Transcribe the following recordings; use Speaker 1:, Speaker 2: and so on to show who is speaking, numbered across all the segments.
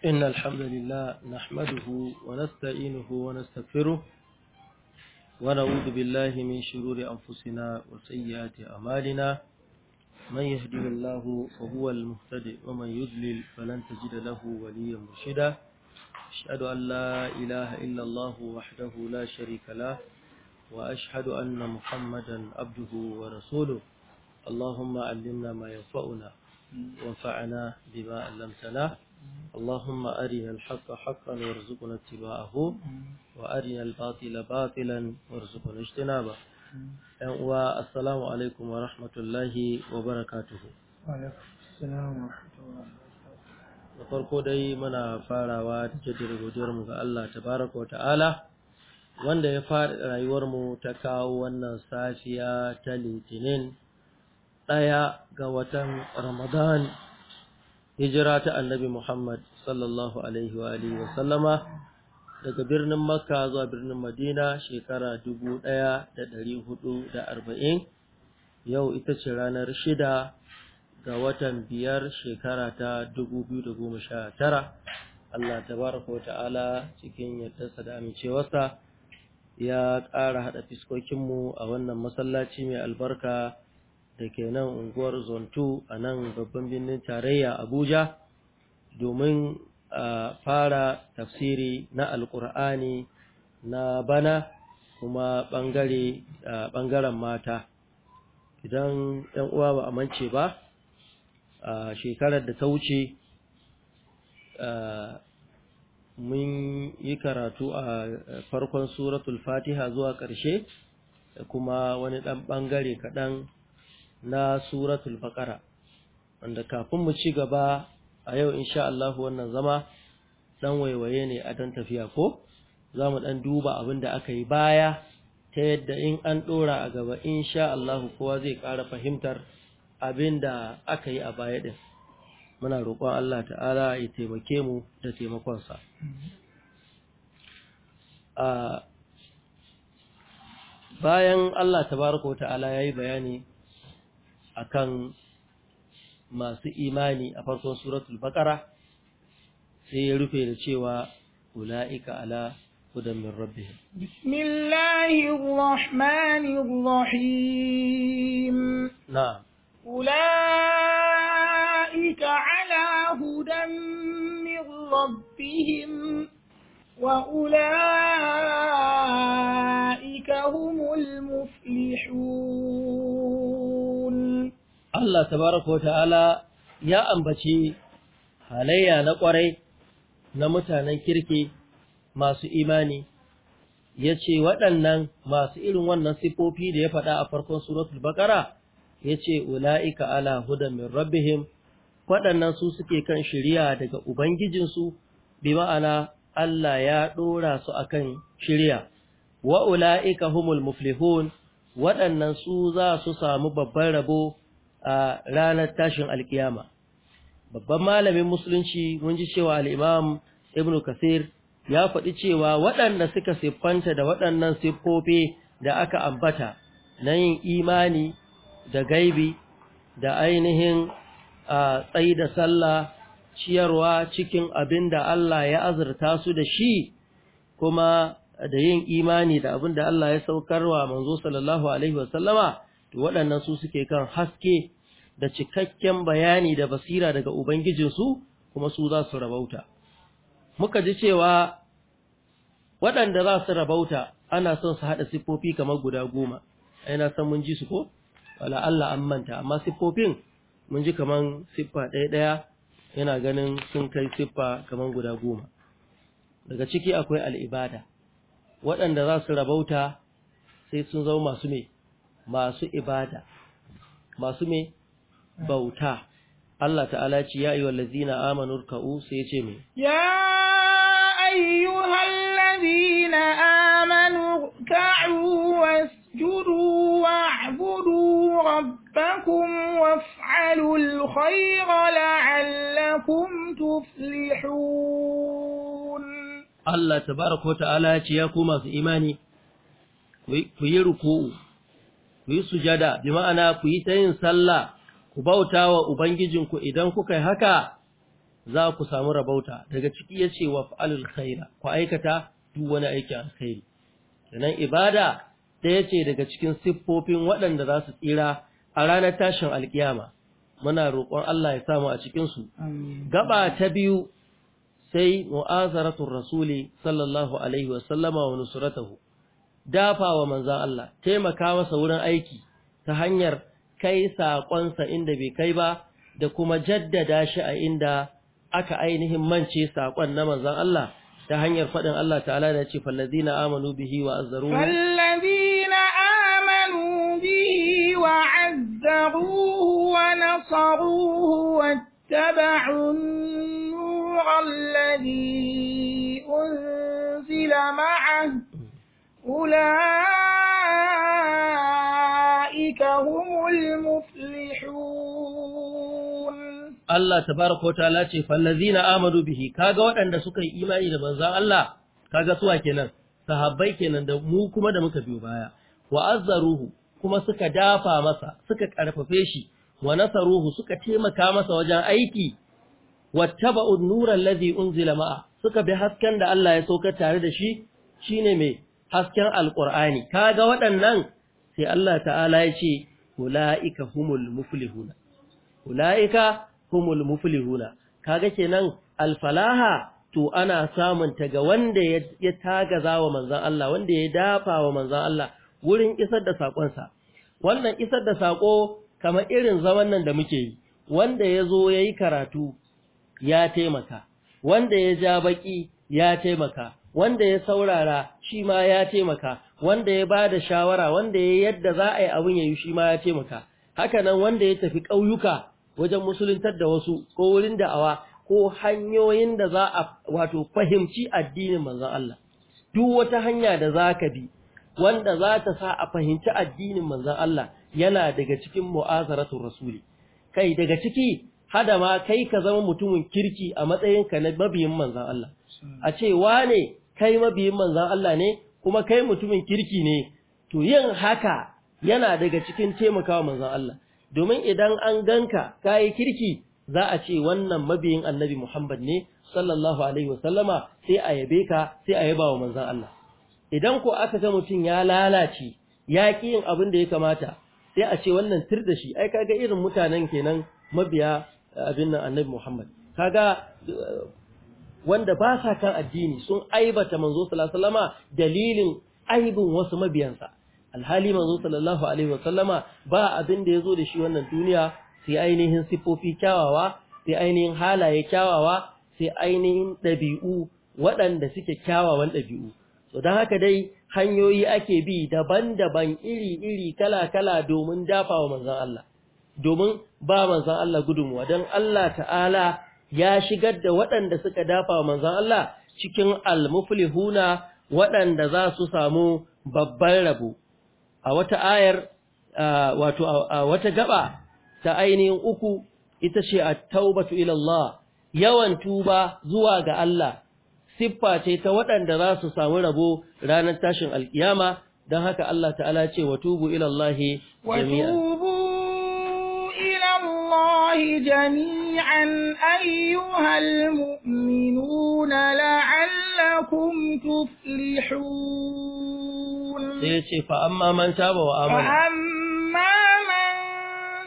Speaker 1: إن الحمد لله نحمده ونستعينه ونستغفره ونعوذ بالله من شرور أنفسنا وسيئات أمالنا من يهده الله فهو المهتدئ ومن يذلل فلن تجد له وليا مرشدا أشهد أن لا إله إلا الله وحده لا شريك له وأشهد أن محمدا عبده ورسوله اللهم علمنا ما ينفعنا وانفعنا بما علمتنا اللهم أرنا الحق حقا وارزقنا اتباعه وأرنا الباطل باطلا وارزقنا اجتنابه عليكم ورحمة الله وبركاته
Speaker 2: السلام ورحمة الله
Speaker 1: dai muna farawa da jaddada mu ga Allah tabaraka ta'ala wanda ya fara rayuwarmu ta kawo wannan safiya ta litinin ɗaya ga watan ramadan hijira ta annabi Muhammad sallallahu alaihi wa alihi wa sallama daga birnin Makka zuwa birnin Madina shekara dubu ɗaya da da ɗari arba'in. yau ita ce ranar shida ga watan biyar shekara ta da goma Allah tabaraka wa ta'ala cikin yardarsa da amincewarsa ya ƙara haɗa fiskokinmu a wannan masallaci mai albarka da ke nan unguwar zonto a nan babban birnin tarayya abuja domin a fara tafsiri na alkur'ani na bana kuma bangaren mata idan yan uwa ba a mance ba a shekarar da ta wuce mun yi karatu a farkon suratul fatiha zuwa ƙarshe kuma wani ɗan ɓangare kaɗan na suratul baqara wanda kafin mu ci gaba a yau insha Allah wannan zama dan waiwaye ne a dan tafiya ko za mu dan duba abin da aka yi baya ta yadda in an dora a gaba insha Allah kowa zai ƙara fahimtar abin da aka yi a baya din muna roƙon Allah ta'ala ya taimake mu da taimakonsa bayan Allah tabaraka ta'ala yayi bayani akan masu imani a farkon suratul baqara sai ya rufe da cewa ulaika ala hudan min rabbihim
Speaker 2: bismillahir rahmanir rahim
Speaker 1: na'am ulaika
Speaker 2: ala hudan min rabbihim وأولئك humul muflihun
Speaker 1: Allah tabaraka ta'ala ya ambaci halayya na ƙwarai na mutanen kirki masu imani ya ce waɗannan masu irin wannan sifofi da ya faɗa a farkon suratul baƙara ya ce ula'ika ala hudan min rabbihim waɗannan su suke kan shirya daga ubangijinsu bi ma'ana Allah ya ɗora su a kan shirya wa ula'ika humul muflihun waɗannan su za su samu babban rabo a ranar tashin alkiyama babban malamin musulunci mun ji cewa al’imam ibn kasir ya faɗi cewa waɗanda suka siffanta da waɗannan siffofi da aka ambata na yin imani da gaibi da ainihin tsayi da sallah ciyarwa cikin abin da Allah ya azurta su da shi kuma da yin imani da abin da Allah ya saukarwa manzo sallallahu alaihi wasallama to waɗannan su suke kan haske da cikakken bayani da basira daga ubangijinsu kuma su za su rabauta muka ji cewa waɗanda za su rabauta ana son su haɗa siffofi kamar guda goma ai na san mun ji su ko wala Allah an manta amma siffofin mun ji kamar siffa ɗaya ɗaya yana ganin sun kai siffa kamar guda goma daga ciki akwai al'ibada waɗanda za su rabauta sai sun zama masu mai masu ibada masu me bauta Allah ta'ala ce ya ayyuhal ladzina amanu ruk'u sai ya ce me
Speaker 2: ya ayyuhal ladzina amanu ka'u wasjudu wa'budu rabbakum waf'alu al-khayra la'allakum tuflihun
Speaker 1: Allah tabaaraka wa ta'ala ya ce ya ku masu imani ku yi ruku'u ku yi sujada bi ma'ana ku yi ta yin sallah ku bauta wa ubangijinku idan kuka yi haka za ku samu rabauta daga ciki ya ce wa fa'alul khaira ku aikata duk wani aiki alkhairi sannan ibada ɗaya ce daga cikin siffofin waɗanda za su tsira a ranar tashin alkiyama muna roƙon Allah ya samu a cikinsu gaba ta biyu sai mu'azaratun rasuli sallallahu alaihi wa sallama wa nusuratahu dafa wa manzan Allah taimaka masa wurin aiki ta hanyar kai saƙonsa inda bai kai ba da kuma jaddada shi a inda aka ainihin mance saƙon na manzan Allah ta hanyar faɗin Allah ta'ala da ce na amanu bihi wa Fallazi
Speaker 2: na amanu bihi wa azzaru wa nasaru wa an-nura alladhi unzila ma'ahu أولئك Ta المفلحون
Speaker 1: الله تبارك وتعالى bihi, kaga به suka yi imani da لمنزا Allah, kaga suwa kenan, sahabbai kenan da mu kuma da muka biyo baya wa azzaruhu kuma suka dafa masa suka karfafe shi wa nasaruhu suka taimaka masa wajen aiki wattaba'u an-nura allazi unzila ma'a suka bi hasken da Allah ya saukar tare da shi shine mai hasken alqur'ani kaga waɗannan sai Allah ta'ala ya ce ulaika humul muflihuna ulaika humul muflihuna kaga kenan alfalaha to ana samun ta ga wanda ya taga wa manzan Allah wanda ya dafa wa manzan Allah wurin isar da saƙonsa. wannan isar da saƙo kamar irin zaman nan da muke yi wanda ya zo ya yi karatu ya taimaka, wanda ya ja baƙi ya taimaka, wanda ya saurara shi ma ya taimaka wanda ya ba da shawara wanda ya yadda za a yi abin yi shi ma ya taimaka hakanan wanda ya tafi ƙauyuka wajen musuluntar da wasu ko wurin da'awa ko hanyoyin da za a wato fahimci addinin manzon Allah duk wata hanya da za ka bi wanda za ta sa a fahimci addinin manzon Allah yana daga cikin mu'azaratul rasuli kai daga ciki hada ma kai ka zama mutumin kirki a matsayinka na mabiyin manzon Allah a ce wane kai mabiyin manzan Allah ne kuma kai mutumin kirki ne to yin haka yana daga cikin taimakawa manzan Allah domin idan an ganka kai kirki za a ce wannan mabiyin annabi Muhammad ne sallallahu alaihi wasallama sai a yabe ka sai a yaba wa manzan Allah idan ko aka ga mutum ya lalace ya ki yin abin da ya kamata sai a ce wannan tir da shi ai kaga irin mutanen kenan mabiya abin nan annabi Muhammad kaga wanda ba sa kan addini sun aibata manzo sallallahu alaihi wasallama dalilin aibin wasu mabiyansa alhali manzo sallallahu alaihi wasallama ba abin da yazo da shi wannan duniya sai ainihin sifofi kyawawa sai ainihin halaye kyawawa sai ainihin dabi'u waɗanda suke kyawawan dabi'u so dan haka dai hanyoyi ake bi daban-daban iri-iri kala-kala domin dafawa manzon Allah domin ba manzon Allah gudunmuwa don Allah ta'ala ya shigar da waɗanda suka dafa manzan Allah cikin almuflihuna waɗanda za su samu babban rabo a wata ayar wato a wata gaba ta ainihin uku ita ce a taubatu ilallah yawan tuba zuwa ga Allah siffa ce ta waɗanda za su samu rabo ranar tashin alkiyama don haka Allah ta'ala ce wa tubu ilallahi jami'a
Speaker 2: الله جميعا أيها
Speaker 1: المؤمنون
Speaker 2: لعلكم تفلحون
Speaker 1: فأما من تاب وآمن فأما
Speaker 2: من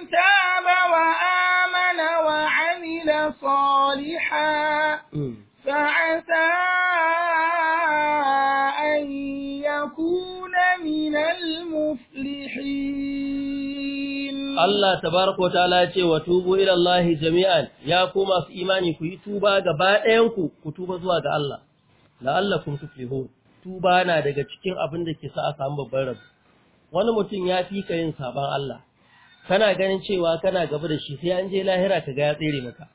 Speaker 2: تاب وآمن وعمل صالحا فعسى
Speaker 1: Allah tabaraka ta'ala ya ce wa tubu ila Allah jami'an ya ku masu imani ku yi tuba gaba ɗayan ku ku tuba zuwa ga Allah Allah fi tuflihun tuba na daga cikin abin da ke sa a samu babban rabu wani mutum ya fi ka yin sabon Allah kana ganin cewa kana gaba da shi sai an je lahira ka ga ya tsere maka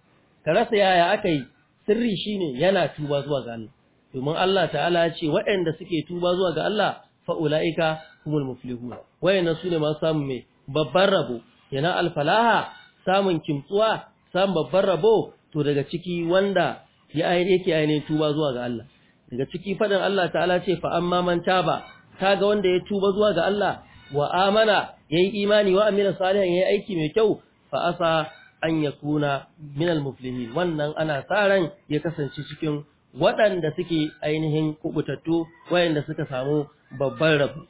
Speaker 1: ka rasa yaya aka yi sirri shine yana tuba zuwa ga Allah domin Allah ta'ala ya ce waɗanda suke tuba zuwa ga Allah fa ulaika humul muflihun su sune masu samu mai babban rabo Yana alfalaha samun kimtsuwa samun babban rabo to daga ciki wanda ya yake ainihin tuba zuwa ga Allah daga ciki fadin Allah ta'ala ce fa amma man taba kaga wanda ya tuba zuwa ga Allah wa amana yayi imani wa amila salihan yayi aiki mai kyau fa asa an yakuna min almuflihin wannan ana tsaran ya kasance cikin waɗanda suke ainihin kubutattu wayanda suka samu babban rabo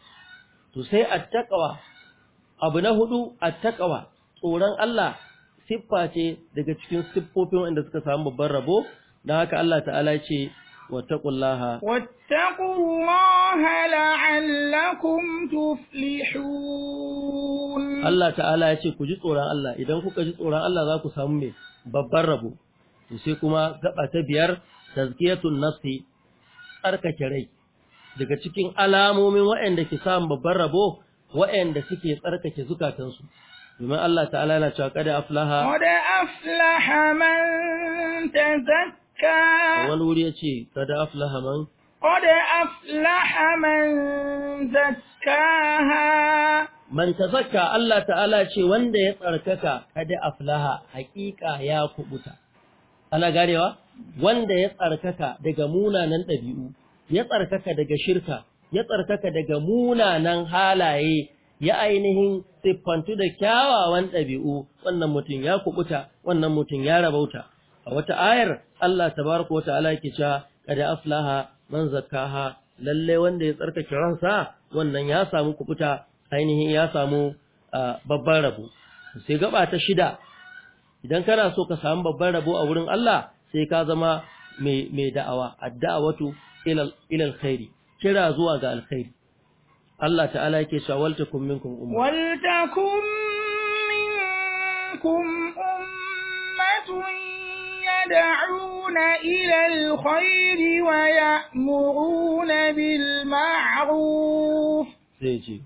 Speaker 1: to sai attaqwa abu na hudu a takawa tsoron Allah siffa ce daga cikin siffofin wanda suka samu babban rabo don haka Allah ta'ala ce wattaqullaha
Speaker 2: wattaqullaha la'allakum tuflihun Allah
Speaker 1: ta'ala ya ce ku ji tsoron Allah idan kuka ji tsoron Allah za ku samu me babban rabo sai kuma gaba ta biyar tazkiyatun nafsi tsarkake rai daga cikin alamomin waɗanda ke samu babban rabo waɗanda suke tsarkake zukatansu domin Allah ta'ala yana cewa kada aflaha qad
Speaker 2: aflaha man tazakka
Speaker 1: wani wuri ya ce kada aflaha man
Speaker 2: قد أفلح man زكاها
Speaker 1: من تزكى الله تعالى ce wanda ya tsarkaka kada aflaha hakika ya kubuta ana ganewa wanda ya tsarkaka daga munanan ɗabi'u. ya tsarkaka daga shirka ya tsarkaka daga munanan halaye ya ainihin siffantu da kyawawan ɗabi'u wannan mutum ya kubuta wannan mutum ya rabauta a wata ayar Allah tabaraka wa ta'ala yake cewa kada aflaha man zakkaha lalle wanda ya tsarkake ransa wannan ya samu kubuta ainihin ya samu babban rabo sai gaba ta shida idan kana so ka samu babban rabo a wurin Allah sai ka zama mai da'awa addu'a wato ilal khairi kira zuwa ga alkhairi Allah ta'ala yake cewa waltakum minkum umma
Speaker 2: waltakum minkum ummatun yad'una ila alkhairi wa ya'muruna bil ma'ruf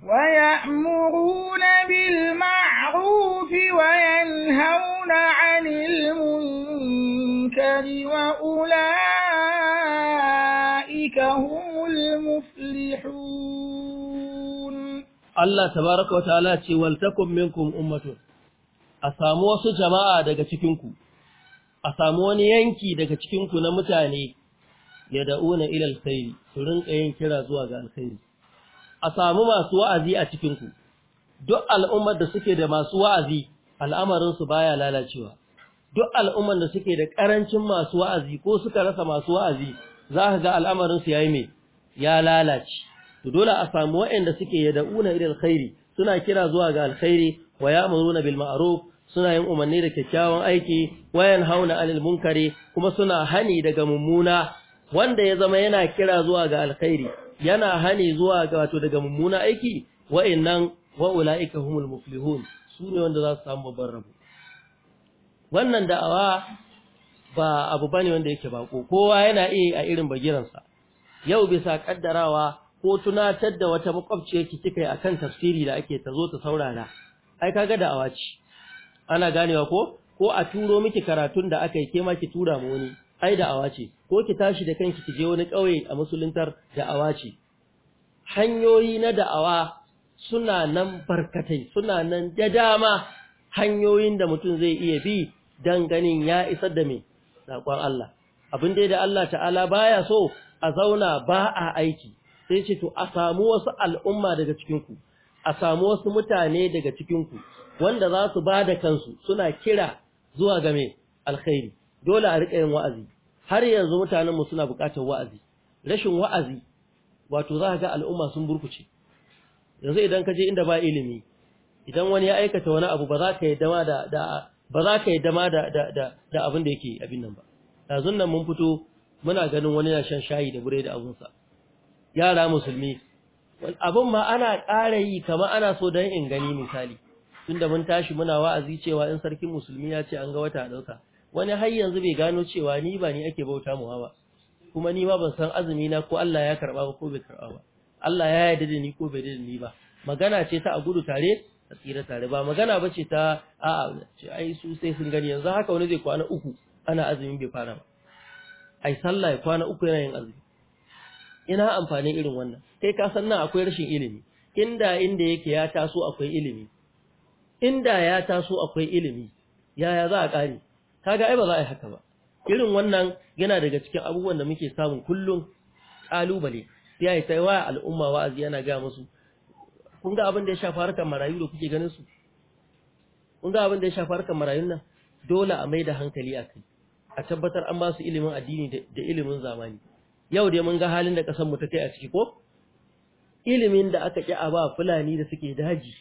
Speaker 2: wa ya'muruna bil ma'ruf wa yanhauna 'anil munkari wa ulaika hum يصلحون
Speaker 1: الله تبارك وتعالى ce waltakum منكم امه a samu wasu jama'a daga cikin ku a samu wani yanki daga cikinku na mutane ya da'una ila alkhairi su rinka yin kira zuwa ga alkhairi a samu masu wa'azi a cikinku, ku duk al'ummar da suke da masu wa'azi al'amarin su baya lalacewa duk al'ummar da suke da karancin masu wa'azi ko suka rasa masu wa'azi za ka ga al'amarinsu ya yi mai ya lalace. to dole a samu waɗanda suke yad'una irin alkhairi suna kira zuwa ga alkhairi wa ya'muruna bil ma'ruf suna yin umarni da kyakkyawan aiki wayan hauna anil munkari kuma suna hani daga mummuna wanda ya zama yana kira zuwa ga alkhairi yana hani zuwa ga wato daga mummuna aiki innan wa ulaika humul muflihun su ne wanda za su samu babban rabo wannan da'awa ba abu bane wanda yake bako kowa yana iya a irin bagiransa yau bisa kaddarawa ko tunatar da wata makwabciyar ki kika yi akan tafsiri da ake ta zo ta saurara ai kaga da awaci ana ganewa ko ko a turo miki karatun da aka yi ke ma ki tura mu wani ai da awaci ko ki tashi da kanki ki je wani kauye a musuluntar da awaci hanyoyi na da'awa suna nan barkatai suna nan da dama hanyoyin da mutum zai iya bi dan ganin ya isa da me sakon Allah abin dai da Allah ta'ala baya so a zauna ba a aiki sai ce to a samu wasu al'umma daga cikinku a samu wasu mutane daga cikinku wanda za su ba da kansu suna kira zuwa ga mai alkhairi dole a riƙa yin wa'azi har yanzu mutanenmu suna buƙatar wa'azi rashin wa'azi wato za ga al'umma sun burkuce yanzu idan ka je inda ba ilimi idan wani ya aikata wani abu ba za ka yi dama da ba za ka yi dama da abin da yake abin nan ba yanzu nan mun fito muna ganin wani na shan shayi da bure da abunsa yara musulmi abin ma ana ƙara yi kama ana so don in gani misali tunda mun tashi muna wa'azi cewa in sarkin musulmi ya ce an ga wata ɗauka wani har yanzu bai gano cewa ni ba ni ake bauta mu ba kuma ni ma ban san azumi na ko Allah ya karba ba ko bai karba ba Allah ya yarda da ni ko bai yarda da ni ba magana ce ta a gudu tare a tsira tare ba magana ba ce ta a'a ce ai su sai sun gani yanzu haka wani zai kwana uku ana azumin bai fara ba ai sallah ya kwana uku yana yin azumi ina amfanin irin wannan kai ka san nan akwai rashin ilimi inda inda yake ya taso akwai ilimi inda ya taso akwai ilimi yaya za a kare kaga ai ba za a yi haka ba irin wannan yana daga cikin abubuwan da muke samun kullum kalubale sai ya sai wa al'umma wa'azi yana ga musu kun ga abin da ya shafa harkar marayu da kuke ganin su kun ga abin da ya shafa harkar marayun nan dole a mai da hankali a kai a tabbatar an ba su ilimin addini da ilimin zamani yau dai mun ga halin da ƙasar mu ta kai a ciki ko ilimin da aka ƙi a ba fulani da suke daji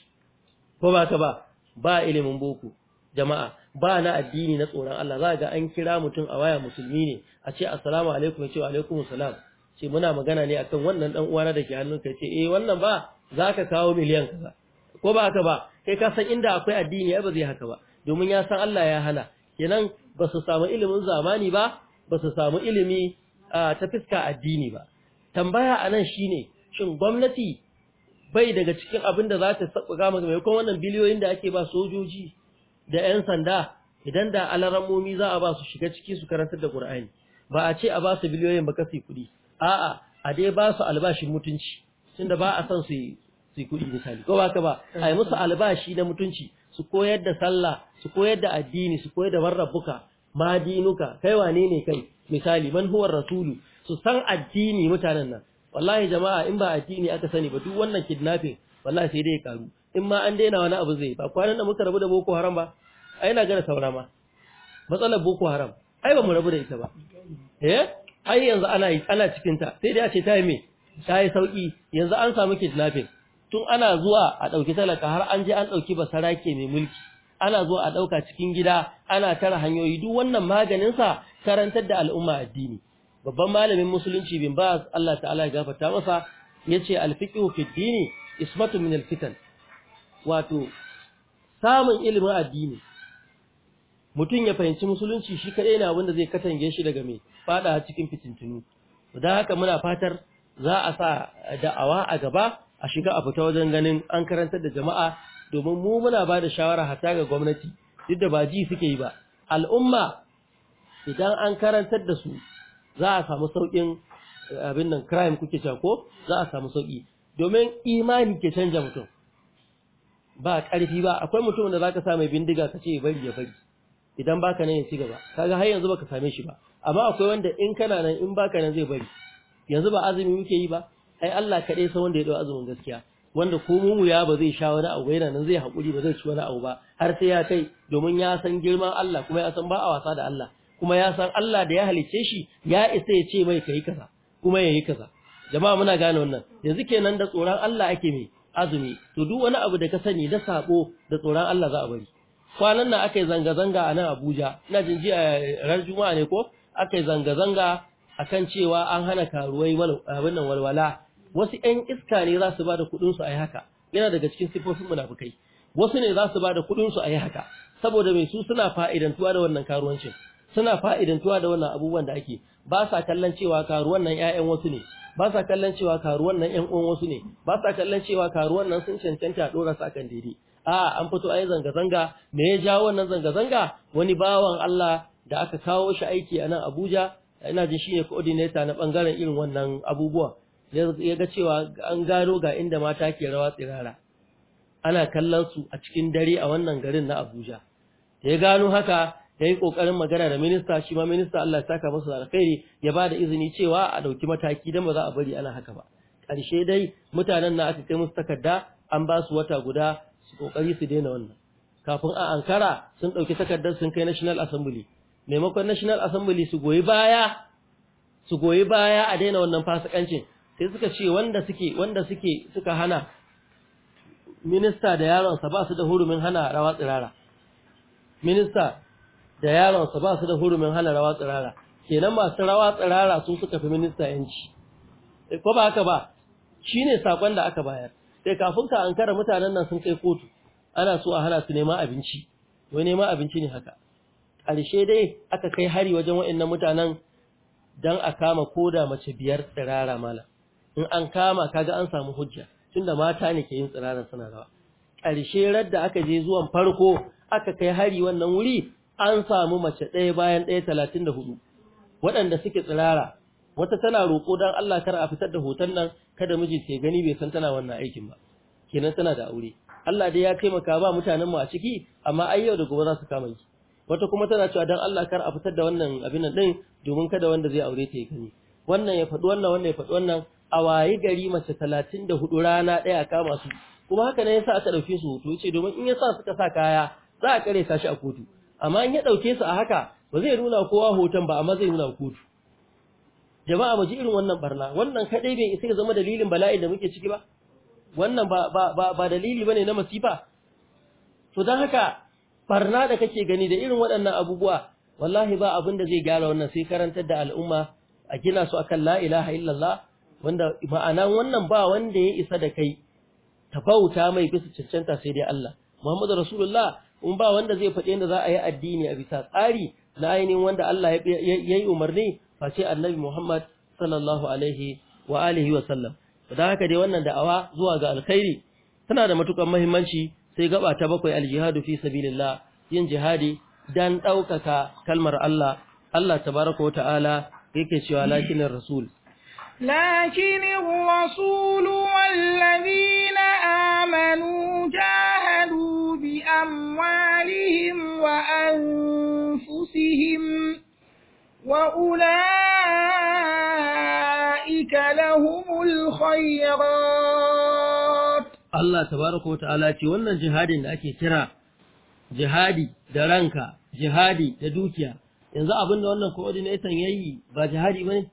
Speaker 1: ko ba ka ba ba ilimin boko jama'a ba na addini na tsoron Allah za ga an kira mutum a waya musulmi ne a ce assalamu alaikum ce wa alaikum salam ce muna magana ne akan wannan dan uwana da ke ka ce eh wannan ba za ka kawo miliyan kaza ko ba ka ba kai ka san inda akwai addini ai ba zai haka ba domin ya san Allah ya hana kenan ba su samu ilimin zamani ba ba su samu ilimi ta fiska addini ba tambaya anan shine shin gwamnati bai daga cikin abin da za ta sabuga mai maimakon wannan biliyoyin da ake ba sojoji da 'yan sanda idan da alaramomi za a ba su shiga ciki su karantar da Qur'ani ba a ce a ba su biliyoyin ba kasi kuɗi a'a a dai ba su albashin mutunci tunda ba a san su su kuɗi misali ko ba ba a yi musu albashi na mutunci su koyar da sallah su koyar da addini su koyar da warrabuka madinuka kai wane ne kai misali man huwa rasulu su san addini mutanen nan wallahi jama'a in ba addini aka sani ba duk wannan kidnapping wallahi sai dai ya karu in ma an daina wani abu zai ba kwanan da muka rabu da boko haram ba ai na gane saura ma matsalar boko haram ai ba mu rabu da ita ba eh ai yanzu ana ana cikin ta sai dai a ce ta yi me ta yi sauki yanzu an samu kidnapping tun ana zuwa a dauki talaka har an je an dauki basarake mai mulki ana zuwa a ɗauka cikin gida ana tara hanyoyi duk wannan maganinsa karantar da al'umma addini babban malamin musulunci bin ba Allah ta'ala ya gafarta masa ya ce fiqhu fi ismatu min alfitan. wato samun ilimin addini mutum ya fahimci musulunci shi kaɗai na wanda zai katange shi daga mai faɗa cikin fitintunu don haka muna fatar za a sa da'awa a gaba a shiga a fita wajen ganin an karantar da jama'a domin mu muna ba da shawara hata ga gwamnati duk da ba ji suke yi ba al'umma idan an karantar da su za a samu sauƙin eh, abin nan crime kuke cewa ko za a samu sauƙi domin imani ke canja mutum ba ƙarfi ba akwai mutum da zaka sa mai bindiga ka ce bari ya bari idan baka nan ya ci gaba kaga har yanzu baka same shi ba amma akwai wanda in kana nan in baka nan zai bari yanzu ba azumi muke yi ba ai Allah kaɗai sai wanda ya dau azumin gaskiya wanda ko mu ya ba zai sha wani abu yana nan zai haƙuri ba zai ci wani abu ba har sai ya kai domin ya san girman Allah kuma ya san ba a wasa da Allah kuma ya san Allah da ya halicce shi ya isa ya ce mai kai kaza kuma yayi kaza jama'a muna gane wannan yanzu kenan da tsoron Allah ake mai azumi to duk wani abu da ka sani da sako da tsoron Allah za a bari kwanan nan aka zanga-zanga a nan Abuja ina jin ji a ran Juma'a ne ko aka yi zanga-zanga akan cewa an hana karuwai wannan walwala wasu ‘yan iska ne za su ba da kuɗinsu a yi haka, yana daga cikin sifofin munafukai, wasu ne za su ba da kuɗinsu a yi haka, saboda mai su suna fa'idantuwa da wannan karuwancin, suna fa'idantuwa da wannan abubuwan da ake, ba sa kallon cewa karuwan nan ‘ya'yan wasu ne, ba sa kallon cewa karuwan nan ‘yan uwan wasu ne, ba sa kallon cewa karuwan nan sun cancanta a ɗora sa kan daidai. A an fito a yi zanga-zanga, me ya jawo wannan zanga-zanga wani bawan Allah da aka kawo shi aiki a nan Abuja, ina jin shi ne coordinator na ɓangaren irin wannan abubuwan. ya ga cewa an gano ga inda mata ke rawa tsirara ana kallon su a cikin dare a wannan garin na Abuja da ya gano haka ya yi kokarin magana da minista shi ma minista Allah ya saka masa alkhairi ya bada izini cewa a dauki mataki dan ba za a bari ana haka ba karshe dai mutanen na aka kai musu takarda an ba su wata guda su kokari su daina wannan kafin a Ankara sun dauki takardar sun kai National Assembly maimakon National Assembly su goyi baya su goyi baya a daina wannan fasikancin sai suka ce wanda suke wanda suke suka hana minista da yaronsa ba su da hurumin hana rawa tsirara minista da yaronsa ba su da hurumin hana rawa tsirara kenan masu rawa tsirara su suka fi minista yanci eh, ko ba haka ba shine sakon da aka bayar sai eh, kafin ka ankara mutanen nan sun kai kotu ana so a hana su neman abinci wai neman abinci ne haka ƙarshe dai aka kai hari wajen waɗannan mutanen don a kama koda mace biyar tsirara mala in an kama kaga an samu hujja tunda mata ne ke yin tsirara suna rawa ƙarshe radda aka je zuwan farko aka kai hari wannan wuri an samu mace ɗaya bayan ɗaya talatin da hudu waɗanda suke tsirara wata tana roƙo don Allah kar a fitar da hoton nan kada miji ke gani bai san tana wannan aikin ba kenan tana da aure Allah dai ya taimaka ba mutanen mu a ciki amma ai yau da gobe za su kama ki wata kuma tana cewa don Allah kar a fitar da wannan abin nan din domin kada wanda zai aure ta ya gani wannan ya faɗi wannan wannan ya faɗi wannan a waye gari mace talatin da hudu rana ɗaya a kama su kuma haka ne yasa aka ɗauke su hoto yace domin in yasa suka sa kaya za a kare shi a kotu amma in ya ɗauke su a haka ba zai nuna kowa hoton ba amma zai nuna kotu jama'a mu ji irin wannan barna wannan kadai bai isa zama dalilin bala'in da muke ciki ba wannan ba ba ba dalili bane na masifa to dan haka barna da kake gani da irin waɗannan abubuwa wallahi ba abin da zai gyara wannan sai karantar da al'umma a gina su akan la ilaha illallah wanda ma'ana wannan ba wanda ya isa da kai ta bauta mai bisa cancanta sai dai Allah Muhammadu Rasulullah in ba wanda zai faɗi yadda za a yi addini a bisa tsari na ainihin wanda Allah ya yi umarni ce Annabi Muhammad sallallahu alaihi wa alihi wa sallam da haka dai wannan da'awa zuwa ga alkhairi tana da matukar muhimmanci sai gaba ta bakwai aljihadu fi sabilillah yin jihadi dan daukaka kalmar Allah Allah tabaraka wa ta'ala yake cewa lakinin rasul
Speaker 2: لكن الرسول والذين آمنوا جاهدوا بأموالهم وأنفسهم وأولئك لهم الخيرات
Speaker 1: الله تبارك وتعالى تيوانا جهادي لأكي ترى جهادي درانكا جهادي تدوكيا ينزع بنا وانا قوة نيسان يأيي با جهادي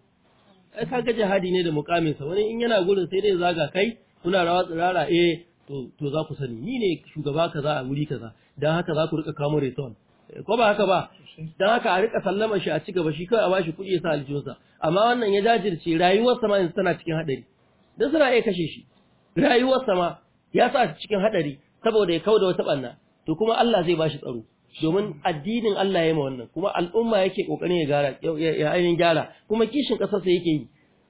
Speaker 1: ai ga jihadi ne da mukamin sa wani in yana gurin sai dai zaga kai kuna rawa tsirara eh to to za ku sani ni ne shugaba kaza a wuri kaza dan haka za ku rika kamo return eh, ko ba haka ba dan haka a rika sallama shi a ci gaba shi kai a bashi kuɗi ya sa aljihunsa amma wannan ya jajirce rayuwarsa ma yanzu tana cikin hadari dan suna iya kashe shi rayuwarsa ma ya sa cikin hadari saboda ya kauda wata banna to kuma Allah zai bashi tsaro domin addinin Allah ya yi wannan kuma al'umma yake kokarin ya gara ya ainihin gyara kuma kishin kasarsa yake yi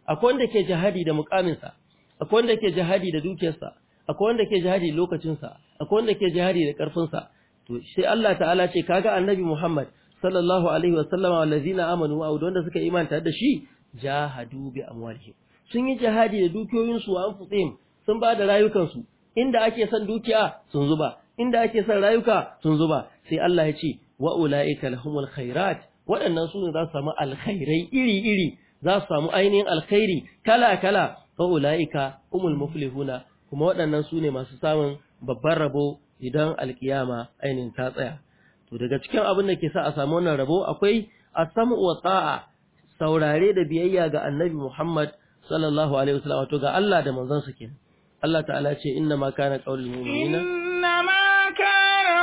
Speaker 1: akwai wanda ke jihadi da mukaminsa akwai wanda ke jihadi da dukiyarsa akwai wanda ke jihadi lokacinsa akwai wanda ke jihadi da ƙarfinsa, to sai Allah ta'ala ce kaga annabi Muhammad sallallahu alaihi wa sallama allazina amanu wa wanda suka imanta da shi jahadu bi amwalihim sun yi jihadi da dukiyoyinsu wa anfusihim sun ba da rayukansu inda ake son dukiya sun zuba inda ake son rayuka sun zuba sai Allah ya ce wa ulaika lahumul khairat waɗannan su ne za su samu alkhairai iri-iri za su samu ainihin alkhairi kala-kala wa ulaika umul muflihuna kuma waɗannan su ne masu samun babban rabo idan alkiyama ainihin ta tsaya to daga cikin abin da ke sa a samu wannan rabo akwai asamu wa ta'a saurare da biyayya ga annabi Muhammad sallallahu alaihi wasallam to ga Allah da manzon sa kenan Allah ta'ala ce inna ma kana qaulul mu'minina
Speaker 2: inna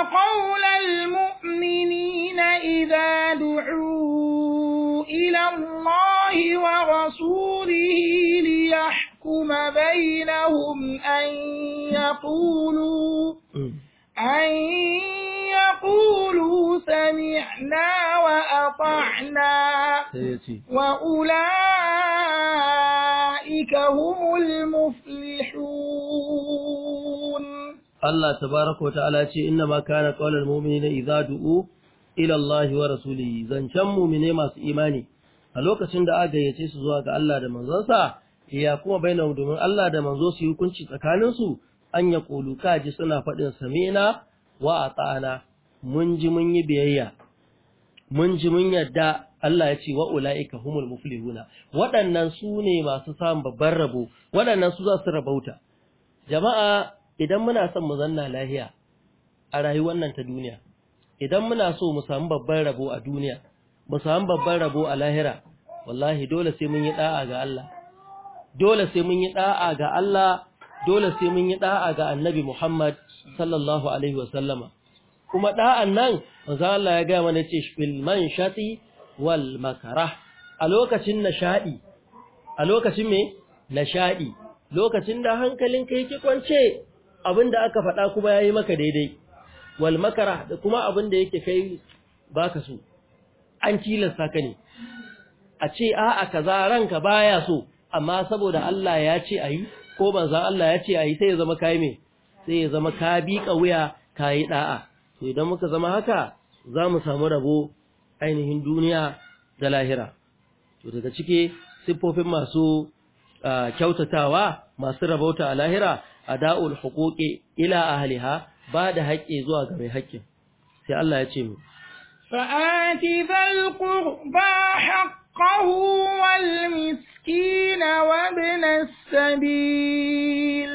Speaker 2: قول المؤمنين إذا دعوا إلى الله ورسوله ليحكم بينهم أن يقولوا أن يقولوا سمعنا وأطعنا وأولئك هم المفلحون
Speaker 1: Allah tabaraka wa ta'ala ce inna ma kana qaulul mu'minina idza du'u ila Allah wa rasulihi zancan mu'mine masu imani a lokacin da aka gayyace su zuwa ga Allah da manzonsa ya kuma bainahu domin Allah da manzo su yi hukunci tsakanin su an ya kulu ji suna faɗin samina wa ata'ana mun ji mun yi biyayya mun ji mun yadda Allah ya ce wa ula'ika humul muflihuna waɗannan su ne masu samun babban rabo waɗannan su za su rabauta jama'a idan muna son mu zanna lahiya a rayuwar nan ta duniya idan muna so mu samu babban rabo a duniya mu samu babban rabo a lahira wallahi dole sai mun yi da'a ga Allah dole sai mun yi da'a ga Allah dole sai mun yi da'a ga Annabi Muhammad sallallahu alaihi wasallama kuma da'an nan manzo Allah ya ga mana ce fil shati wal makarah a lokacin nashadi a lokacin me nashadi lokacin da hankalinka yake kwance abin da aka faɗa kuma ya yi maka daidai wal makara da kuma abin da yake kai ba ka so an tilasta ka ne a ce a'a kaza ranka ya so amma saboda Allah ya ce a yi, ko manzon Allah ya ce a yi, sai ya zama ka yi mai sai ya zama ka bi ka yi ɗa'a. to idan muka zama haka za mu samu rabo ainihin duniya da lahira to daga cike siffofin masu ah, kyautatawa masu rabauta a lahira اداء الحقوق الى اهلها بعد حقي زوا غبي حقي سي الله يتيم
Speaker 2: مي ذا القربى حقه والمسكين وابن السبيل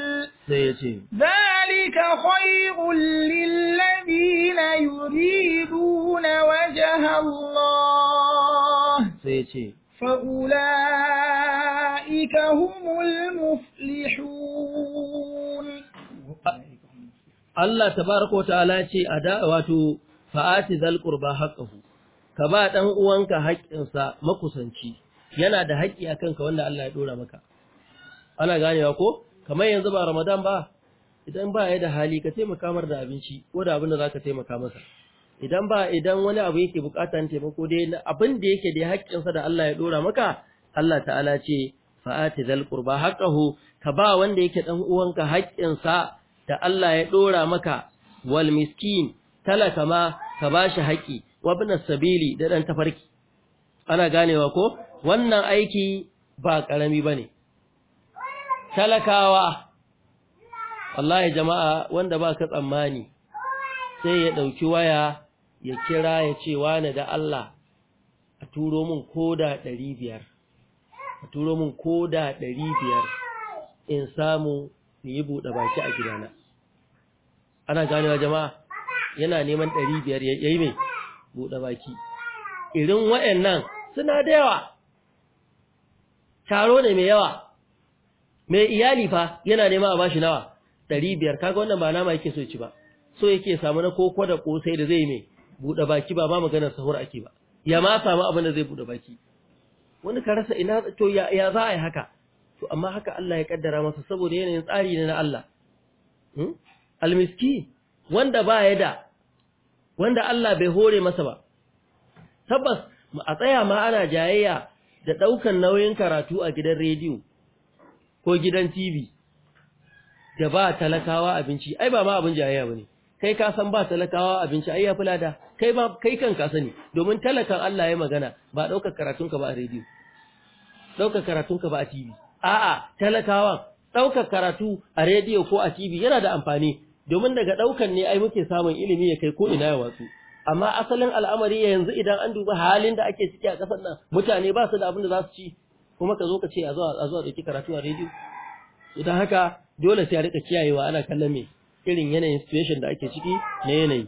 Speaker 2: سي ذلك خير للذين يريدون وجه الله سي فاولئك هم المفلحون
Speaker 1: Allah tabaraka wa ta'ala ce a da wato fa'ati zal qurba haqqahu ka ba dan uwanka haƙƙinsa makusanci yana da haƙƙi a ka wanda Allah ya dora maka ana ganewa ko kamar yanzu ba Ramadan ba idan ba ya da hali ka taimaka mar da abinci ko da abin da zaka taimaka masa idan ba idan wani abu yake bukatan taimako dai abin da yake da haƙƙinsa da Allah ya dora maka Allah ta'ala ce fa'ati zal qurba haqqahu ka ba wanda yake dan uwanka haƙƙinsa da Allah ya ɗora maka wal miskin talaka ma ka ba shi haƙi wabna sabili da ɗan tafarki ana ganewa ko wannan aiki ba ƙarami ba ne talakawa wallahi jama'a wanda ba ka tsammani sai ya ɗauki waya ya kira ya ce wane da Allah a turo min koda ɗari biyar a turo min koda ɗari biyar in samu yi buɗe baki a gidana ana ganewa jama'a yana neman 500 yayi mai bude baki irin wayannan suna da yawa taro ne mai yawa mai iyali fa yana nema a bashi nawa Ɗari 500 kaga wannan ba nama yake so ci ba so yake samu na koko da kosai da zai mai bude baki ba ba maganar sahur ake ba ya ma samu abin da zai buɗe baki wani ka rasa ina to ya ya za a yi haka to amma haka Allah ya kaddara masa saboda yanayin tsari ne na Allah hmm? almiski wanda ba ya da wanda Allah bai hore masa ba tabbas a tsaya ma ana jayayya da ɗaukan nauyin karatu a gidan rediyo ko gidan TV da ba talakawa abinci ai ba ma abin jayayya bane kai ka san ba talakawa abinci ai ya fi lada kai ba kai kan ka sani domin talakan Allah ya magana ba daukar karatunka ka ba a rediyo daukar karatunka ka ba a TV a'a talakawa daukar karatu a rediyo ko a TV yana da amfani domin daga ɗaukan ne ai muke samun ilimi ya kai ko ina ya watsu amma asalin al'amari yanzu idan an duba halin da ake ciki a ƙasar nan mutane ba su da abin da za su ci kuma ka zo ka ce a zuwa a ɗauki karatu a rediyo idan haka dole sai a rika kiyayewa ana kallon me irin yanayin situation da ake ciki na yanayi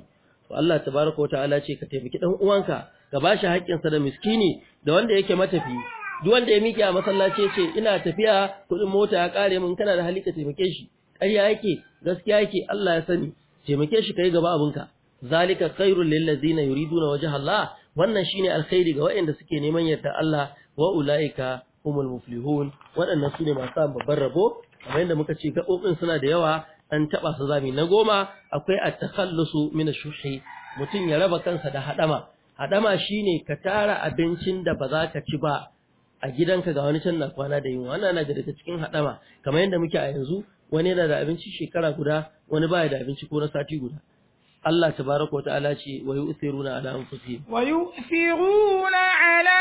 Speaker 1: to Allah tabaraka ta'ala ce ka taimaki dan uwanka ka bashi haƙƙin sa da miskini da wanda yake matafi duk wanda ya miƙe a masallaci ce ina tafiya kuɗin mota ya kare min kana da hali ka taimake shi ƙarya yake gaskiya yake Allah ya sani taimake shi kai gaba abinka zalika khairul lil ladina yuriduna wajha Allah wannan shine alkhairi ga waɗanda suke neman yarda Allah wa ulaika humul muflihun waɗannan su ne masu babbar rabo kamar yadda muka ce gaɓoɓin suna da yawa an taɓa su zami na goma akwai at-takhallusu min ash-shuhi mutum ya raba kansa da hadama hadama shine ka tara abincin da ba za ka ci ba a gidanka ga wani can na kwana da yunwa wannan na daga cikin hadama kamar yadda muke a yanzu wani yana da abinci shekara guda wani baya da abinci ko na sati guda Allah tabaraka wa ta'ala ce wa yu'thiruna ala anfusihim
Speaker 2: wa yu'thiruna ala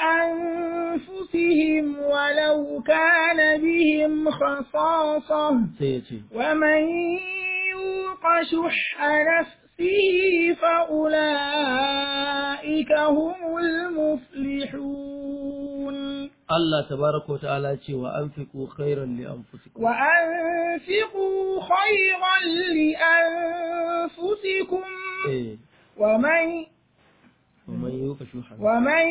Speaker 2: anfusihim walau kana bihim khasasa wa man yuqashu shuhha nafsihi fa ulaika humul muflihun
Speaker 1: Allah تبارك وتعالى يقول وأنفقوا خيرا لأنفسكم
Speaker 2: وأنفقوا خيرا لأنفسكم wa anfiqu ومن يوق شح ومن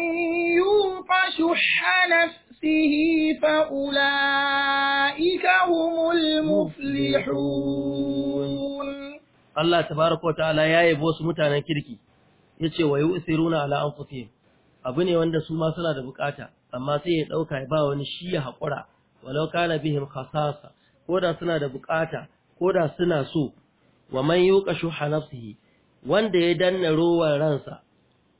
Speaker 2: يوق شح نفسه فأولئك هم
Speaker 1: المفلحون الله تبارك وتعالى يا سموت على كيركي يقول ويؤثرون على أنفسهم أبني وند سوما سنة بكاتا amma sai ya dauka ya ba wani shi ya hakura walau kana bihim khasasa koda suna da bukata koda suna so wa man yuqashu shuha wanda ya danna rowan ransa